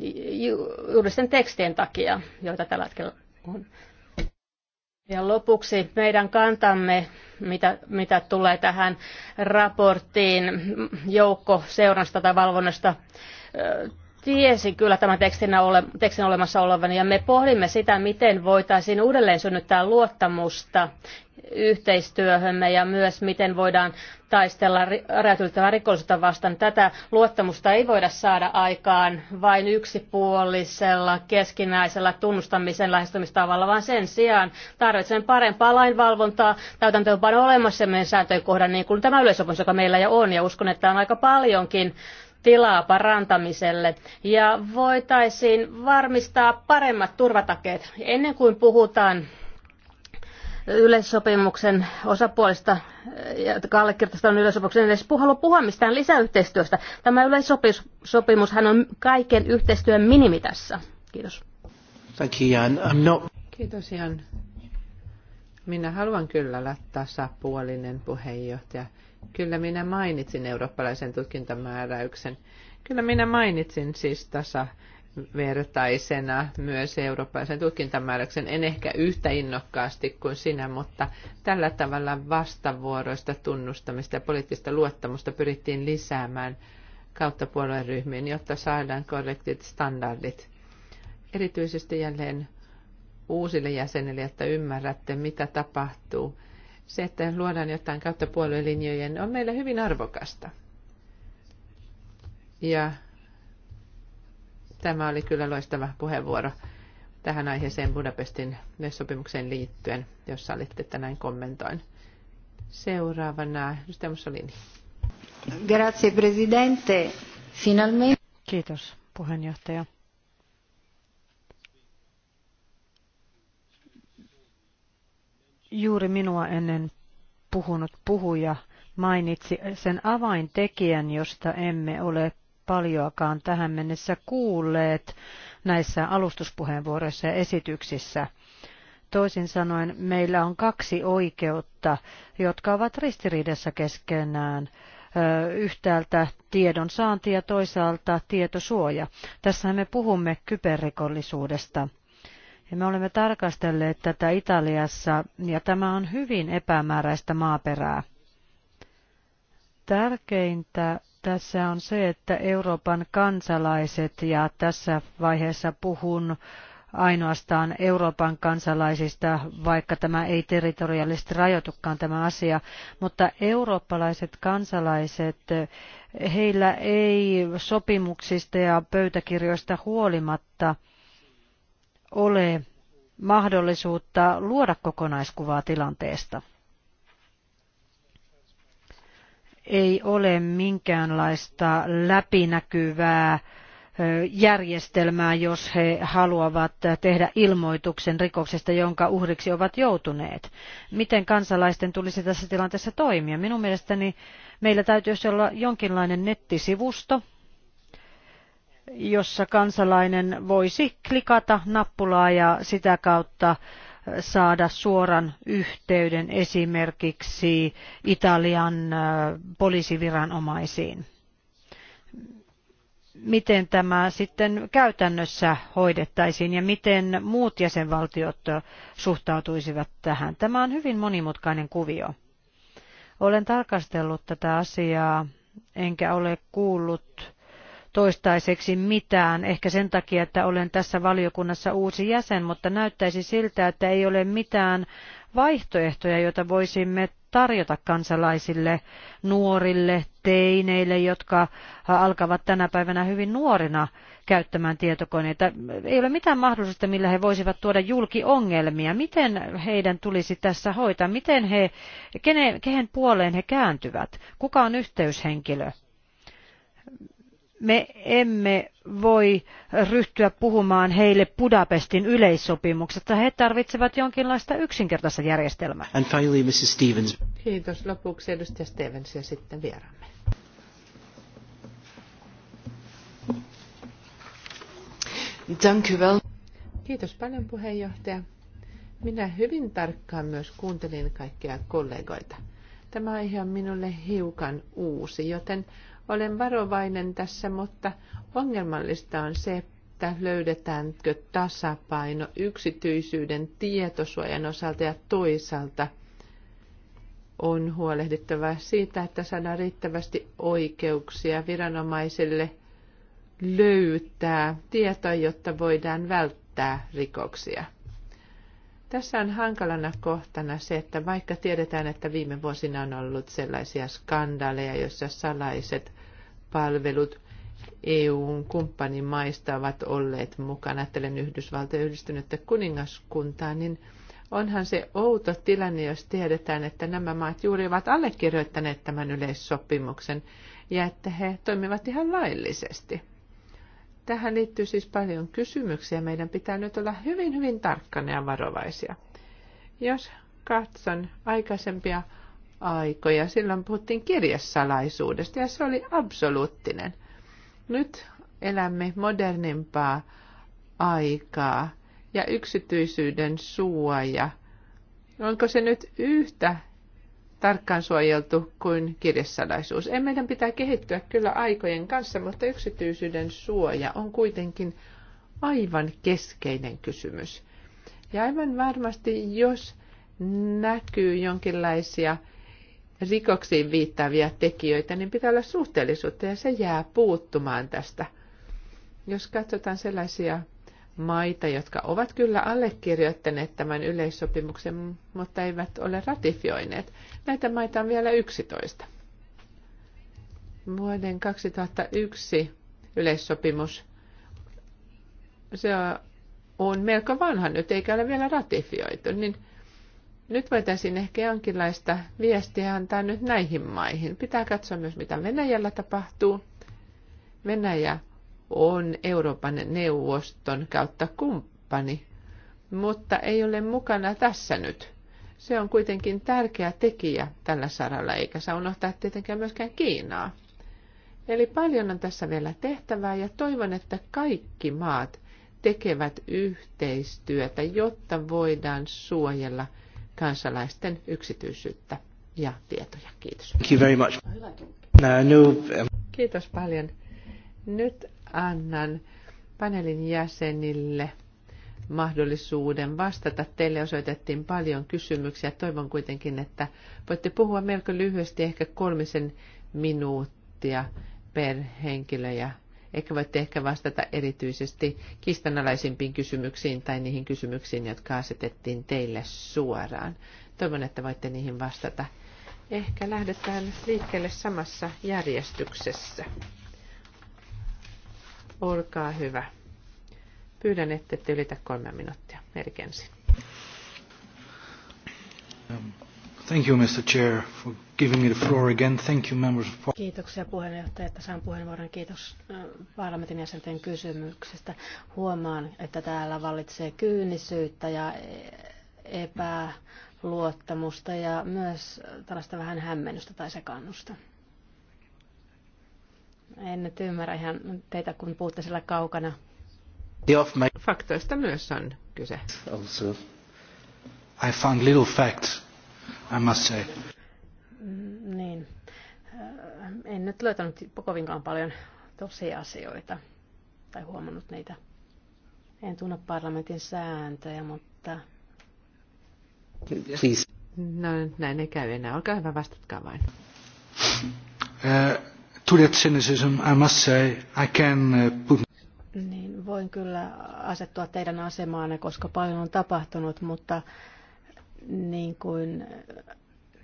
juridisten tekstien takia, joita tällä hetkellä on. Ja lopuksi meidän kantamme, mitä, mitä tulee tähän raporttiin joukko seurannasta tai valvonnasta, Tiesi kyllä tämän tekstin, ole, tekstin olemassa olevan ja me pohdimme sitä, miten voitaisiin uudelleen synnyttää luottamusta yhteistyöhömme ja myös miten voidaan taistella räätyltävää rikollisuutta vastaan. Tätä luottamusta ei voida saada aikaan vain yksipuolisella keskinäisellä tunnustamisen lähestymistavalla, vaan sen sijaan tarvitsemme parempaa lainvalvontaa täytäntöönpano olemassa meidän sääntöjen kohdan, niin kuin tämä yleisopimus, joka meillä jo on, ja uskon, että on aika paljonkin tilaa parantamiselle ja voitaisiin varmistaa paremmat turvatakeet ennen kuin puhutaan yleissopimuksen osapuolista, jotka allekirjoitusta on yleissopimuksen niin edes halua puhua mistään lisäyhteistyöstä. Tämä yleissopimushan on kaiken yhteistyön minimi tässä. Kiitos. Thank you, Jan. I'm not... Kiitos, Jan. Minä haluan kyllä olla tasapuolinen puheenjohtaja. Kyllä minä mainitsin eurooppalaisen tutkintamääräyksen. Kyllä minä mainitsin siis tasa vertaisena myös eurooppalaisen tutkintamääräyksen. En ehkä yhtä innokkaasti kuin sinä, mutta tällä tavalla vastavuoroista tunnustamista ja poliittista luottamusta pyrittiin lisäämään kautta puolueryhmiin, jotta saadaan korrektit standardit. Erityisesti jälleen uusille jäsenille, että ymmärrätte, mitä tapahtuu. Se, että luodaan jotain kautta puoluelinjojen, on meille hyvin arvokasta. Ja Tämä oli kyllä loistava puheenvuoro tähän aiheeseen Budapestin sopimukseen liittyen, jos olitte tänään kommentoin. Seuraavana edustaja Mussolini. Grazie presidente. Finalmente. Kiitos puheenjohtaja. Juuri minua ennen puhunut puhuja mainitsi sen avaintekijän, josta emme ole paljoakaan tähän mennessä kuulleet näissä alustuspuheenvuoroissa ja esityksissä. Toisin sanoen meillä on kaksi oikeutta, jotka ovat ristiriidassa keskenään yhtäältä tiedon saanti ja toisaalta tietosuoja. Tässä me puhumme kyberrikollisuudesta. Ja me olemme tarkastelleet tätä Italiassa ja tämä on hyvin epämääräistä maaperää. Tärkeintä tässä on se, että Euroopan kansalaiset, ja tässä vaiheessa puhun ainoastaan Euroopan kansalaisista, vaikka tämä ei territoriaalisesti rajoitukaan tämä asia, mutta eurooppalaiset kansalaiset, heillä ei sopimuksista ja pöytäkirjoista huolimatta ole mahdollisuutta luoda kokonaiskuvaa tilanteesta. ei ole minkäänlaista läpinäkyvää järjestelmää, jos he haluavat tehdä ilmoituksen rikoksesta, jonka uhriksi ovat joutuneet. Miten kansalaisten tulisi tässä tilanteessa toimia? Minun mielestäni meillä täytyisi olla jonkinlainen nettisivusto, jossa kansalainen voisi klikata nappulaa ja sitä kautta saada suoran yhteyden esimerkiksi Italian poliisiviranomaisiin. Miten tämä sitten käytännössä hoidettaisiin ja miten muut jäsenvaltiot suhtautuisivat tähän? Tämä on hyvin monimutkainen kuvio. Olen tarkastellut tätä asiaa enkä ole kuullut toistaiseksi mitään, ehkä sen takia, että olen tässä valiokunnassa uusi jäsen, mutta näyttäisi siltä, että ei ole mitään vaihtoehtoja, joita voisimme tarjota kansalaisille, nuorille, teineille, jotka alkavat tänä päivänä hyvin nuorina käyttämään tietokoneita. Ei ole mitään mahdollisuutta, millä he voisivat tuoda julki ongelmia. Miten heidän tulisi tässä hoitaa? Miten he, kenen, kehen puoleen he kääntyvät? Kuka on yhteyshenkilö? me emme voi ryhtyä puhumaan heille Budapestin yleissopimuksesta. He tarvitsevat jonkinlaista yksinkertaista järjestelmää. And finally, Mrs. Stevens. Kiitos. Lopuksi edustaja Stevens ja sitten vieraamme. Dank Kiitos paljon puheenjohtaja. Minä hyvin tarkkaan myös kuuntelin kaikkia kollegoita. Tämä aihe on minulle hiukan uusi, joten olen varovainen tässä, mutta ongelmallista on se, että löydetäänkö tasapaino yksityisyyden tietosuojan osalta ja toisaalta on huolehdittava siitä, että saadaan riittävästi oikeuksia viranomaisille löytää tietoa, jotta voidaan välttää rikoksia. Tässä on hankalana kohtana se, että vaikka tiedetään, että viime vuosina on ollut sellaisia skandaaleja, joissa salaiset palvelut EUn kumppanimaista ovat olleet mukana, ajattelen Yhdysvaltojen yhdistynyttä kuningaskuntaa, niin onhan se outo tilanne, jos tiedetään, että nämä maat juuri ovat allekirjoittaneet tämän yleissopimuksen ja että he toimivat ihan laillisesti. Tähän liittyy siis paljon kysymyksiä. Meidän pitää nyt olla hyvin, hyvin tarkkana ja varovaisia. Jos katson aikaisempia aikoja. Silloin puhuttiin kirjasalaisuudesta ja se oli absoluuttinen. Nyt elämme modernimpaa aikaa ja yksityisyyden suoja. Onko se nyt yhtä tarkkaan suojeltu kuin kirjasalaisuus? Ei meidän pitää kehittyä kyllä aikojen kanssa, mutta yksityisyyden suoja on kuitenkin aivan keskeinen kysymys. Ja aivan varmasti, jos näkyy jonkinlaisia rikoksiin viittaavia tekijöitä, niin pitää olla suhteellisuutta ja se jää puuttumaan tästä. Jos katsotaan sellaisia maita, jotka ovat kyllä allekirjoittaneet tämän yleissopimuksen, mutta eivät ole ratifioineet. Näitä maita on vielä 11. Vuoden 2001 yleissopimus, se on melko vanha nyt, eikä ole vielä ratifioitu, niin nyt voitaisiin ehkä jonkinlaista viestiä antaa nyt näihin maihin. Pitää katsoa myös, mitä Venäjällä tapahtuu. Venäjä on Euroopan neuvoston kautta kumppani, mutta ei ole mukana tässä nyt. Se on kuitenkin tärkeä tekijä tällä saralla, eikä saa unohtaa tietenkään myöskään Kiinaa. Eli paljon on tässä vielä tehtävää ja toivon, että kaikki maat tekevät yhteistyötä, jotta voidaan suojella – kansalaisten yksityisyyttä ja tietoja. Kiitos. Thank you very much. Um, Kiitos paljon. Nyt annan paneelin jäsenille mahdollisuuden vastata. Teille osoitettiin paljon kysymyksiä. Toivon kuitenkin, että voitte puhua melko lyhyesti, ehkä kolmisen minuuttia per henkilö ja Ehkä voitte ehkä vastata erityisesti kiistanalaisimpiin kysymyksiin tai niihin kysymyksiin, jotka asetettiin teille suoraan. Toivon, että voitte niihin vastata. Ehkä lähdetään liikkeelle samassa järjestyksessä. Olkaa hyvä. Pyydän, ette ylitä kolme minuuttia. Merkensin. Um, Thank you, Mr. Chair, for giving me the floor again. Thank you, members of... Kiitoksia puheenjohtaja, että saan puheenvuoron. Kiitos parlamentin jäsenten kysymyksestä. Huomaan, että täällä vallitsee kyynisyyttä ja e-, epäluottamusta ja myös tällaista vähän hämmennystä tai sekannusta. En nyt ymmärrä ihan teitä, kun puhutte sillä kaukana. Faktoista myös on kyse. Also, I found little facts I must say. Mm, niin. Äh, en nyt löytänyt kovinkaan paljon tosiasioita tai huomannut niitä. En tunne parlamentin sääntöjä, mutta... Siis... No näin ei käy enää. Olkaa hyvä, vastatkaa vain. Uh, to that cynicism, I must say, I can uh, put... Niin, voin kyllä asettua teidän asemaanne, koska paljon on tapahtunut, mutta uh, niin kuin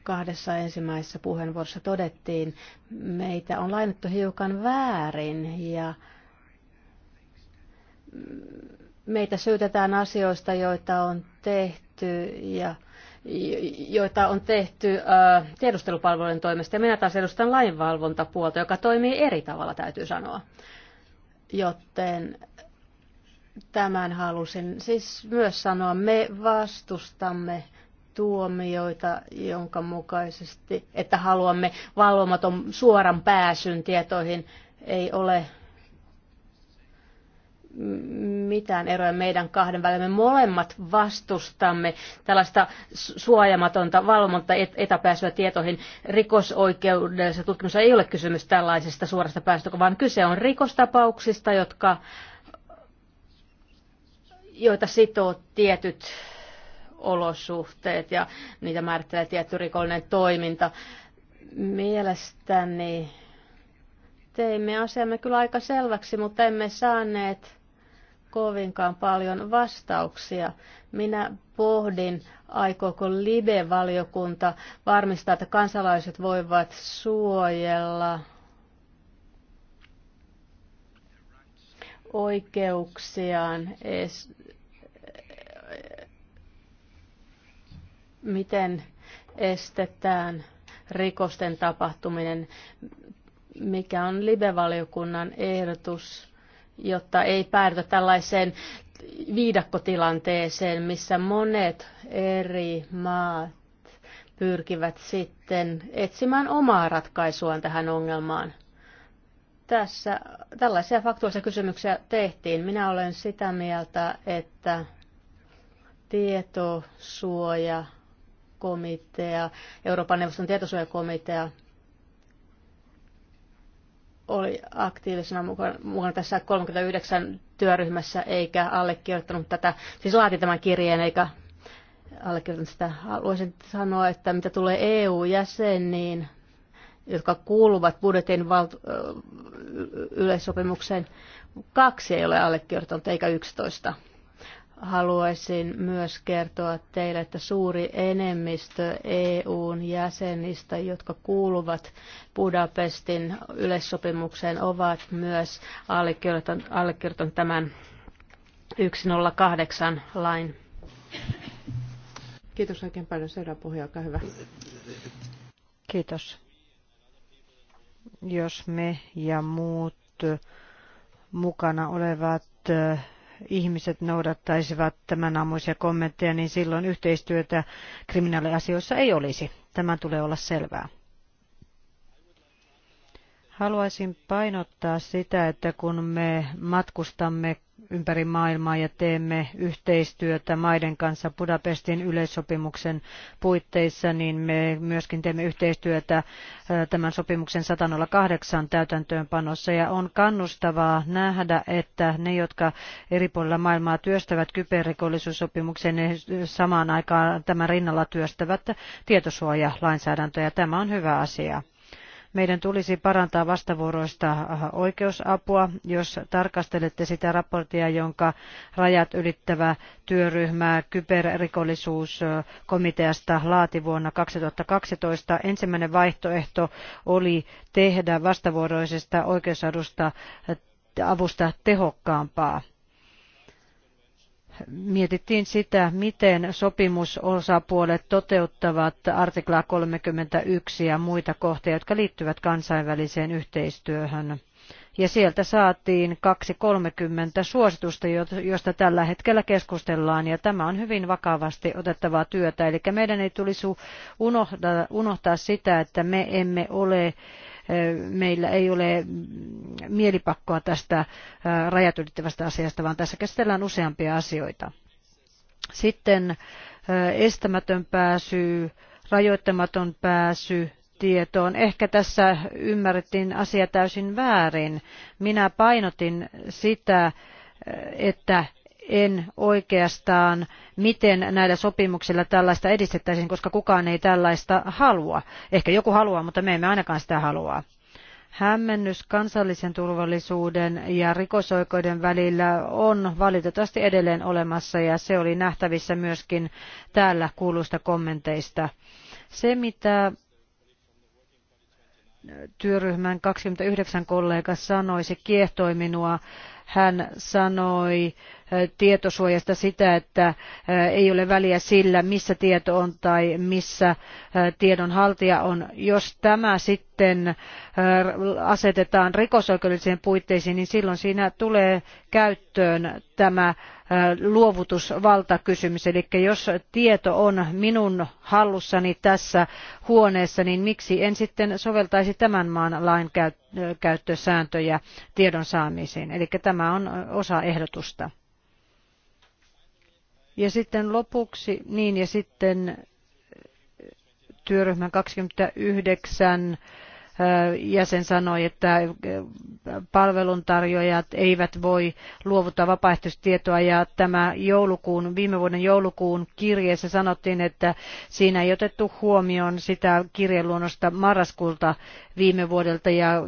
kahdessa ensimmäisessä puheenvuorossa todettiin, meitä on lainattu hiukan väärin ja meitä syytetään asioista, joita on tehty ja joita on tehty tiedustelupalvelujen toimesta. Ja minä taas edustan lainvalvontapuolta, joka toimii eri tavalla, täytyy sanoa. Joten tämän halusin siis myös sanoa. Me vastustamme tuomioita, jonka mukaisesti, että haluamme valvomaton suoran pääsyn tietoihin, ei ole mitään eroja meidän kahden välillä. Me molemmat vastustamme tällaista suojamatonta valvomatta etäpääsyä tietoihin. Rikosoikeudellisessa tutkimuksessa ei ole kysymys tällaisesta suorasta päästöstä, vaan kyse on rikostapauksista, jotka, joita sitoo tietyt olosuhteet ja niitä määrittelee tietty rikollinen toiminta. Mielestäni teimme asiamme kyllä aika selväksi, mutta emme saaneet kovinkaan paljon vastauksia. Minä pohdin, aikooko Libe-valiokunta varmistaa, että kansalaiset voivat suojella oikeuksiaan miten estetään rikosten tapahtuminen, mikä on libevaliokunnan ehdotus, jotta ei päädytä tällaiseen viidakkotilanteeseen, missä monet eri maat pyrkivät sitten etsimään omaa ratkaisuaan tähän ongelmaan. Tässä tällaisia faktuaalisia kysymyksiä tehtiin. Minä olen sitä mieltä, että tietosuoja komitea, Euroopan neuvoston tietosuojakomitea oli aktiivisena mukana, mukana tässä 39 työryhmässä eikä allekirjoittanut tätä, siis laati tämän kirjeen eikä allekirjoittanut sitä. Haluaisin sanoa, että mitä tulee EU-jäseniin, jotka kuuluvat budjetin valtu- yleissopimukseen, kaksi ei ole allekirjoittanut eikä 11 haluaisin myös kertoa teille, että suuri enemmistö EUn jäsenistä, jotka kuuluvat Budapestin yleissopimukseen, ovat myös allekirjoittaneet tämän 108 lain. Kiitos oikein paljon. Seuraava puhuja, olkaa hyvä. Kiitos. Jos me ja muut mukana olevat ihmiset noudattaisivat tämän aamuisia kommentteja, niin silloin yhteistyötä kriminaaliasioissa ei olisi. Tämän tulee olla selvää. Haluaisin painottaa sitä, että kun me matkustamme ympäri maailmaa ja teemme yhteistyötä maiden kanssa Budapestin yleissopimuksen puitteissa, niin me myöskin teemme yhteistyötä tämän sopimuksen 108 täytäntöönpanossa. Ja on kannustavaa nähdä, että ne, jotka eri puolilla maailmaa työstävät kyberrikollisuussopimuksen, ne samaan aikaan tämän rinnalla työstävät tietosuojalainsäädäntöä. Ja tämä on hyvä asia. Meidän tulisi parantaa vastavuoroista oikeusapua. Jos tarkastelette sitä raporttia, jonka rajat ylittävä työryhmä kyberrikollisuuskomiteasta laati vuonna 2012, ensimmäinen vaihtoehto oli tehdä vastavuoroisesta oikeusadusta avusta tehokkaampaa mietittiin sitä, miten sopimusosapuolet toteuttavat artiklaa 31 ja muita kohtia, jotka liittyvät kansainväliseen yhteistyöhön. Ja sieltä saatiin 230 suositusta, josta tällä hetkellä keskustellaan, ja tämä on hyvin vakavasti otettavaa työtä. Eli meidän ei tulisi unohtaa sitä, että me emme ole Meillä ei ole mielipakkoa tästä rajat ylittävästä asiasta, vaan tässä käsitellään useampia asioita. Sitten estämätön pääsy, rajoittamaton pääsy tietoon. Ehkä tässä ymmärrettiin asia täysin väärin. Minä painotin sitä, että en oikeastaan, miten näillä sopimuksilla tällaista edistettäisiin, koska kukaan ei tällaista halua. Ehkä joku haluaa, mutta me emme ainakaan sitä halua. Hämmennys kansallisen turvallisuuden ja rikosoikeuden välillä on valitettavasti edelleen olemassa ja se oli nähtävissä myöskin täällä kuuluista kommenteista. Se, mitä työryhmän 29 kollega sanoi, se kiehtoi minua. Hän sanoi tietosuojasta sitä, että ei ole väliä sillä, missä tieto on tai missä tiedonhaltija on. Jos tämä sitten asetetaan rikosoikeudellisiin puitteisiin, niin silloin siinä tulee käyttöön tämä luovutusvaltakysymys. Eli jos tieto on minun hallussani tässä huoneessa, niin miksi en sitten soveltaisi tämän maan lainkäyttösääntöjä tiedon saamiseen? Eli tämä on osa ehdotusta. Ja sitten lopuksi, niin ja sitten äh, työryhmän 29 äh, jäsen sanoi, että äh, palveluntarjoajat eivät voi luovuttaa vapaaehtoistietoa ja tämä joulukuun, viime vuoden joulukuun kirjeessä sanottiin, että siinä ei otettu huomioon sitä kirjeluonnosta marraskuulta viime vuodelta ja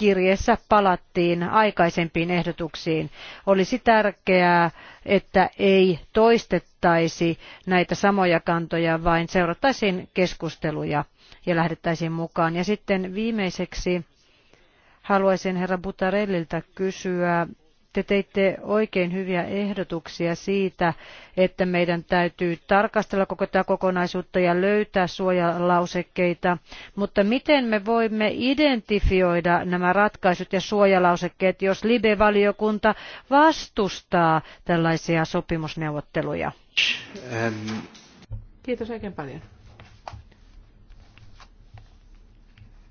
kirjeessä palattiin aikaisempiin ehdotuksiin. Olisi tärkeää, että ei toistettaisi näitä samoja kantoja, vaan seurattaisiin keskusteluja ja lähdettäisiin mukaan. Ja sitten viimeiseksi haluaisin herra Buttarelliltä kysyä te teitte oikein hyviä ehdotuksia siitä, että meidän täytyy tarkastella koko tätä kokonaisuutta ja löytää suojalausekkeita, mutta miten me voimme identifioida nämä ratkaisut ja suojalausekkeet, jos Libe-valiokunta vastustaa tällaisia sopimusneuvotteluja? Ähm. Kiitos oikein paljon.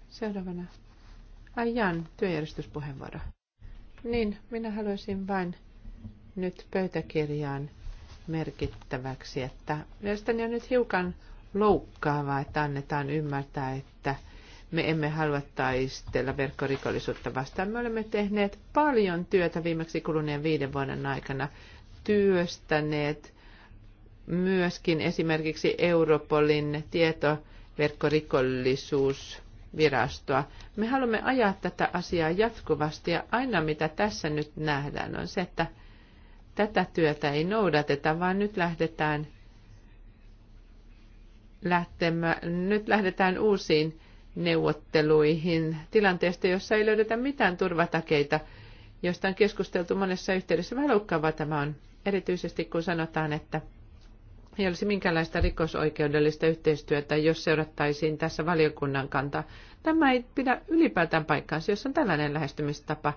Seuraavana Ajan työjärjestyspuheenvuoro. Niin, minä haluaisin vain nyt pöytäkirjaan merkittäväksi, että mielestäni on nyt hiukan loukkaavaa, että annetaan ymmärtää, että me emme halua taistella verkkorikollisuutta vastaan. Me olemme tehneet paljon työtä viimeksi kuluneen viiden vuoden aikana, työstäneet myöskin esimerkiksi Europolin tietoverkkorikollisuus virastoa. Me haluamme ajaa tätä asiaa jatkuvasti ja aina mitä tässä nyt nähdään on se, että tätä työtä ei noudateta, vaan nyt lähdetään, lähtemä, nyt lähdetään uusiin neuvotteluihin tilanteesta, jossa ei löydetä mitään turvatakeita, josta on keskusteltu monessa yhteydessä. Vähän tämä on, erityisesti kun sanotaan, että ei olisi minkäänlaista rikosoikeudellista yhteistyötä, jos seurattaisiin tässä valiokunnan kantaa. Tämä ei pidä ylipäätään paikkaansa, jos on tällainen lähestymistapa,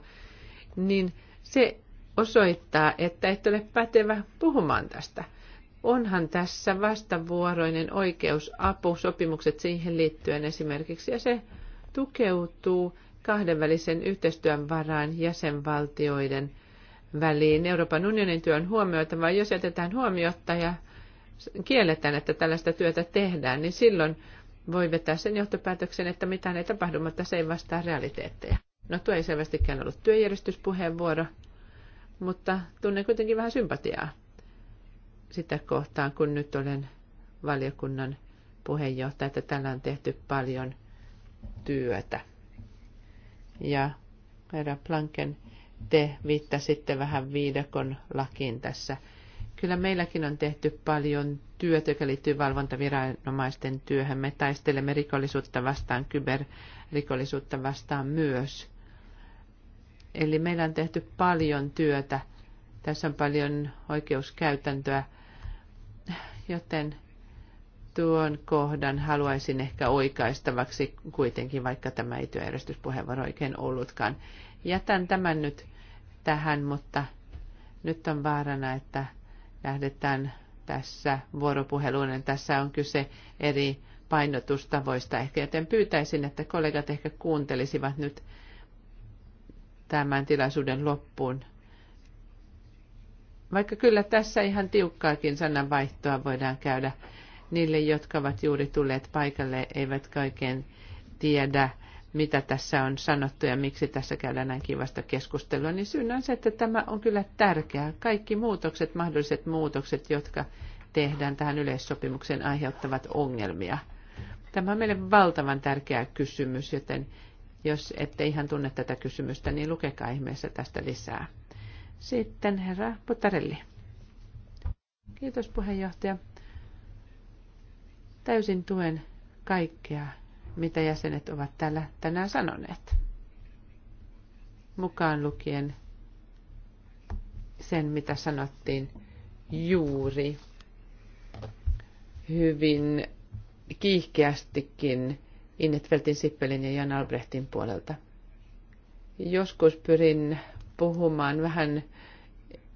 niin se osoittaa, että et ole pätevä puhumaan tästä. Onhan tässä vastavuoroinen oikeusapu, sopimukset siihen liittyen esimerkiksi, ja se tukeutuu kahdenvälisen yhteistyön varaan jäsenvaltioiden väliin. Euroopan unionin työn huomioitava, jos jätetään huomiotta ja kielletään, että tällaista työtä tehdään, niin silloin voi vetää sen johtopäätöksen, että mitään ei tapahdu, mutta se ei vastaa realiteetteja. No tuo ei selvästikään ollut työjärjestyspuheenvuoro, mutta tunnen kuitenkin vähän sympatiaa sitä kohtaan, kun nyt olen valiokunnan puheenjohtaja, että tällä on tehty paljon työtä. Ja herra Planken, te viittasitte vähän viidakon lakiin tässä – Kyllä meilläkin on tehty paljon työtä, joka liittyy valvontaviranomaisten työhön. Me taistelemme rikollisuutta vastaan, kyberrikollisuutta vastaan myös. Eli meillä on tehty paljon työtä. Tässä on paljon oikeuskäytäntöä, joten tuon kohdan haluaisin ehkä oikaistavaksi kuitenkin, vaikka tämä ei työjärjestyspuheenvuoro oikein ollutkaan. Jätän tämän nyt tähän, mutta nyt on vaarana, että lähdetään tässä vuoropuheluun. Tässä on kyse eri painotustavoista ehkä, joten pyytäisin, että kollegat ehkä kuuntelisivat nyt tämän tilaisuuden loppuun. Vaikka kyllä tässä ihan tiukkaakin sananvaihtoa voidaan käydä niille, jotka ovat juuri tulleet paikalle, eivät kaiken tiedä mitä tässä on sanottu ja miksi tässä käydään näin kivasta keskustelua, niin syynä on se, että tämä on kyllä tärkeää. Kaikki muutokset, mahdolliset muutokset, jotka tehdään tähän yleissopimukseen, aiheuttavat ongelmia. Tämä on meille valtavan tärkeä kysymys, joten jos ette ihan tunne tätä kysymystä, niin lukekaa ihmeessä tästä lisää. Sitten herra Potarelli. Kiitos puheenjohtaja. Täysin tuen kaikkea mitä jäsenet ovat täällä tänään sanoneet. Mukaan lukien sen, mitä sanottiin juuri hyvin kiihkeästikin Innetveltin, Sippelin ja Jan Albrechtin puolelta. Joskus pyrin puhumaan vähän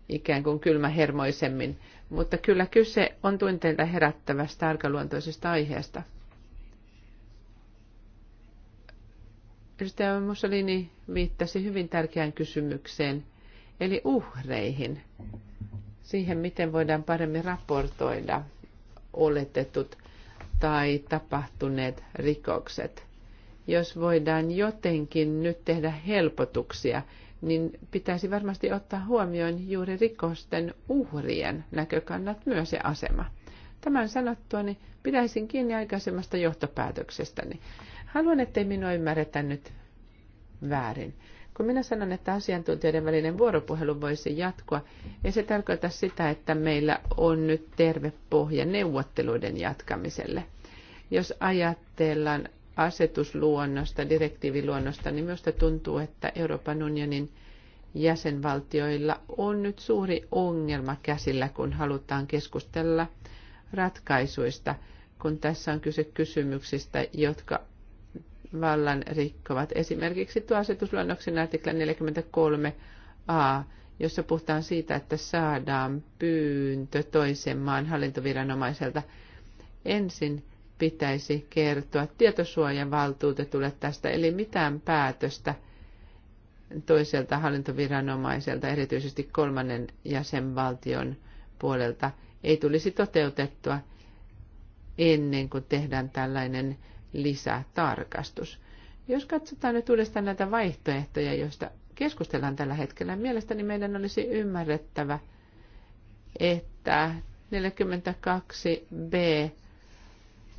ikään kuin kylmähermoisemmin, mutta kyllä kyse on tunteita herättävästä arkaluontoisesta aiheesta – Edustaja Mussolini viittasi hyvin tärkeään kysymykseen, eli uhreihin. Siihen, miten voidaan paremmin raportoida oletetut tai tapahtuneet rikokset. Jos voidaan jotenkin nyt tehdä helpotuksia, niin pitäisi varmasti ottaa huomioon juuri rikosten uhrien näkökannat myös ja asema. Tämän sanottua, niin pitäisin kiinni aikaisemmasta johtopäätöksestäni. Haluan, ettei minua ymmärretä nyt väärin. Kun minä sanon, että asiantuntijoiden välinen vuoropuhelu voisi jatkua, ei se tarkoita sitä, että meillä on nyt terve pohja neuvotteluiden jatkamiselle. Jos ajatellaan asetusluonnosta, direktiiviluonnosta, niin minusta tuntuu, että Euroopan unionin jäsenvaltioilla on nyt suuri ongelma käsillä, kun halutaan keskustella ratkaisuista, kun tässä on kyse kysymyksistä, jotka vallan rikkovat. Esimerkiksi tuo asetusluonnoksen artikla 43a, jossa puhutaan siitä, että saadaan pyyntö toisen maan hallintoviranomaiselta. Ensin pitäisi kertoa tietosuojan valtuutetulle tästä, eli mitään päätöstä toiselta hallintoviranomaiselta, erityisesti kolmannen jäsenvaltion puolelta, ei tulisi toteutettua ennen kuin tehdään tällainen lisätarkastus. Jos katsotaan nyt uudestaan näitä vaihtoehtoja, joista keskustellaan tällä hetkellä, mielestäni meidän olisi ymmärrettävä, että 42b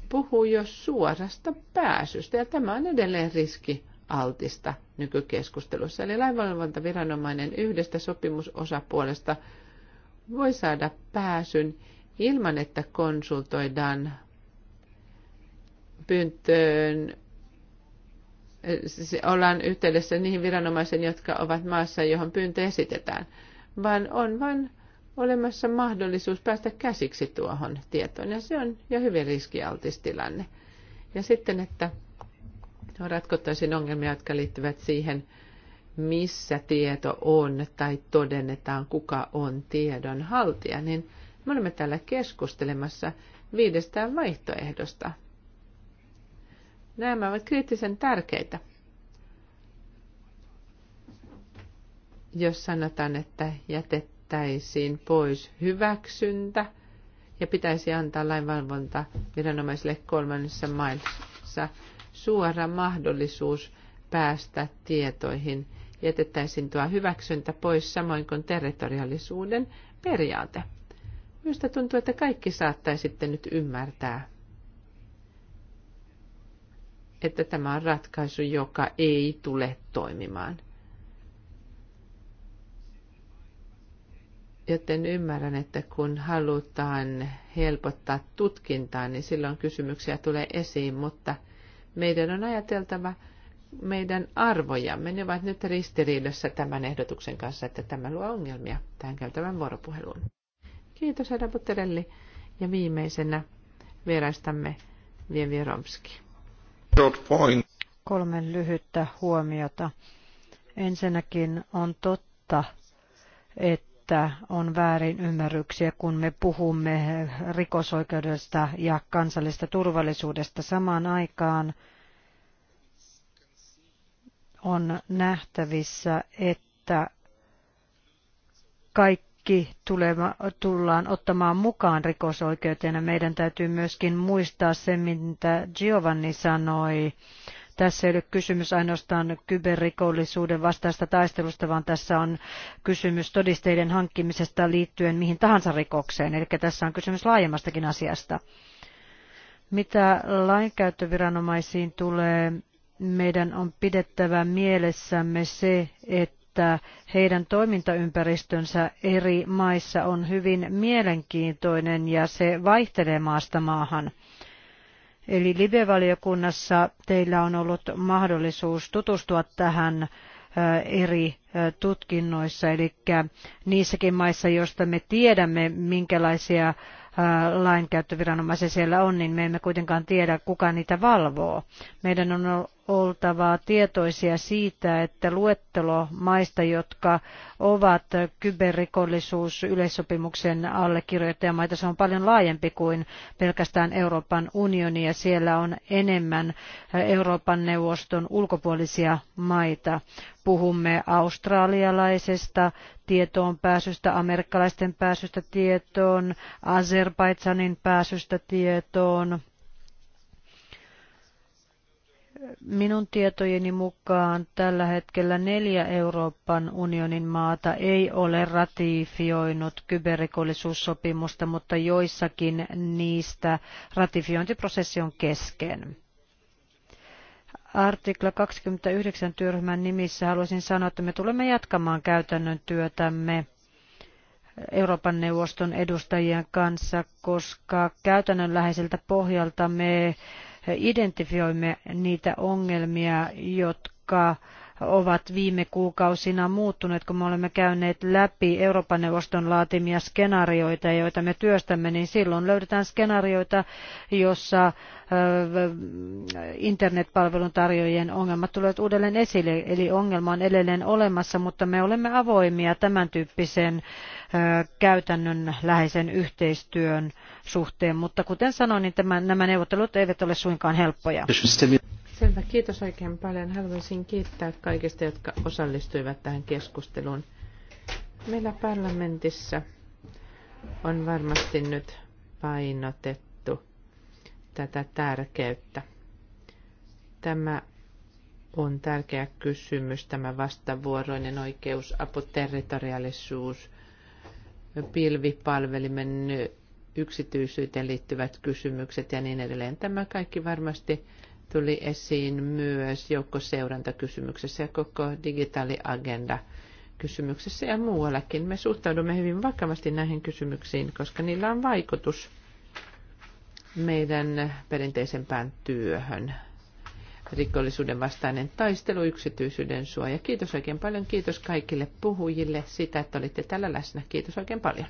puhuu jo suorasta pääsystä, ja tämä on edelleen riski altista nykykeskustelussa. Eli lainvalvontaviranomainen yhdestä sopimusosapuolesta voi saada pääsyn ilman, että konsultoidaan pyyntöön ollaan yhteydessä niihin viranomaisiin, jotka ovat maassa, johon pyyntö esitetään, vaan on vain olemassa mahdollisuus päästä käsiksi tuohon tietoon, ja se on jo hyvin riskialtis tilanne. Ja sitten, että ratkottaisiin ongelmia, jotka liittyvät siihen, missä tieto on tai todennetaan, kuka on tiedon haltija, niin me olemme täällä keskustelemassa viidestä vaihtoehdosta – Nämä ovat kriittisen tärkeitä. Jos sanotaan, että jätettäisiin pois hyväksyntä ja pitäisi antaa lainvalvonta viranomaisille kolmannessa maissa suora mahdollisuus päästä tietoihin, jätettäisiin tuo hyväksyntä pois samoin kuin territoriaalisuuden periaate. Minusta tuntuu, että kaikki saattaisitte nyt ymmärtää että tämä on ratkaisu, joka ei tule toimimaan. Joten ymmärrän, että kun halutaan helpottaa tutkintaa, niin silloin kysymyksiä tulee esiin, mutta meidän on ajateltava meidän arvojamme. Ne ovat nyt ristiriidassa tämän ehdotuksen kanssa, että tämä luo ongelmia tähän käytävän vuoropuheluun. Kiitos, Herra Butterelli. Ja viimeisenä vieraistamme Vievi Romski. Kolme lyhyttä huomiota. Ensinnäkin on totta, että on väärin ymmärryksiä, kun me puhumme rikosoikeudesta ja kansallista turvallisuudesta samaan aikaan. On nähtävissä, että kaikki kaikki tuleva, tullaan ottamaan mukaan rikosoikeuteen ja meidän täytyy myöskin muistaa se, mitä Giovanni sanoi. Tässä ei ole kysymys ainoastaan kyberrikollisuuden vastaista taistelusta, vaan tässä on kysymys todisteiden hankkimisesta liittyen mihin tahansa rikokseen. Eli tässä on kysymys laajemmastakin asiasta. Mitä lainkäyttöviranomaisiin tulee, meidän on pidettävä mielessämme se, että että heidän toimintaympäristönsä eri maissa on hyvin mielenkiintoinen ja se vaihtelee maasta maahan. Eli live-valiokunnassa teillä on ollut mahdollisuus tutustua tähän eri tutkinnoissa, eli niissäkin maissa, joista me tiedämme, minkälaisia lainkäyttöviranomaisia siellä on, niin me emme kuitenkaan tiedä, kuka niitä valvoo. Meidän on oltava tietoisia siitä, että luettelo maista, jotka ovat kyberrikollisuus yleissopimuksen allekirjoittajamaita, se on paljon laajempi kuin pelkästään Euroopan unioni ja siellä on enemmän Euroopan neuvoston ulkopuolisia maita. Puhumme australialaisesta tietoon pääsystä, amerikkalaisten pääsystä tietoon, Azerbaidsanin pääsystä tietoon, Minun tietojeni mukaan tällä hetkellä neljä Euroopan unionin maata ei ole ratifioinut kyberrikollisuussopimusta, mutta joissakin niistä ratifiointiprosessi on kesken. Artikla 29 työryhmän nimissä haluaisin sanoa, että me tulemme jatkamaan käytännön työtämme Euroopan neuvoston edustajien kanssa, koska käytännönläheiseltä pohjalta me identifioimme niitä ongelmia, jotka ovat viime kuukausina muuttuneet, kun me olemme käyneet läpi Euroopan neuvoston laatimia skenaarioita, joita me työstämme, niin silloin löydetään skenaarioita, jossa internetpalvelun tarjoajien ongelmat tulevat uudelleen esille. Eli ongelma on edelleen olemassa, mutta me olemme avoimia tämän tyyppisen käytännön läheisen yhteistyön suhteen. Mutta kuten sanoin, niin nämä neuvottelut eivät ole suinkaan helppoja. Selvä, kiitos oikein paljon. Haluaisin kiittää kaikista, jotka osallistuivat tähän keskusteluun. Meillä parlamentissa on varmasti nyt painotettu tätä tärkeyttä. Tämä on tärkeä kysymys, tämä vastavuoroinen oikeus, apoterritoriaalisuus, pilvipalvelimen yksityisyyteen liittyvät kysymykset ja niin edelleen. Tämä kaikki varmasti tuli esiin myös joukkoseurantakysymyksessä ja koko digitaaliagenda kysymyksessä ja muuallakin. Me suhtaudumme hyvin vakavasti näihin kysymyksiin, koska niillä on vaikutus meidän perinteisempään työhön. Rikollisuuden vastainen taistelu, yksityisyyden suoja. Kiitos oikein paljon. Kiitos kaikille puhujille sitä, että olitte täällä läsnä. Kiitos oikein paljon.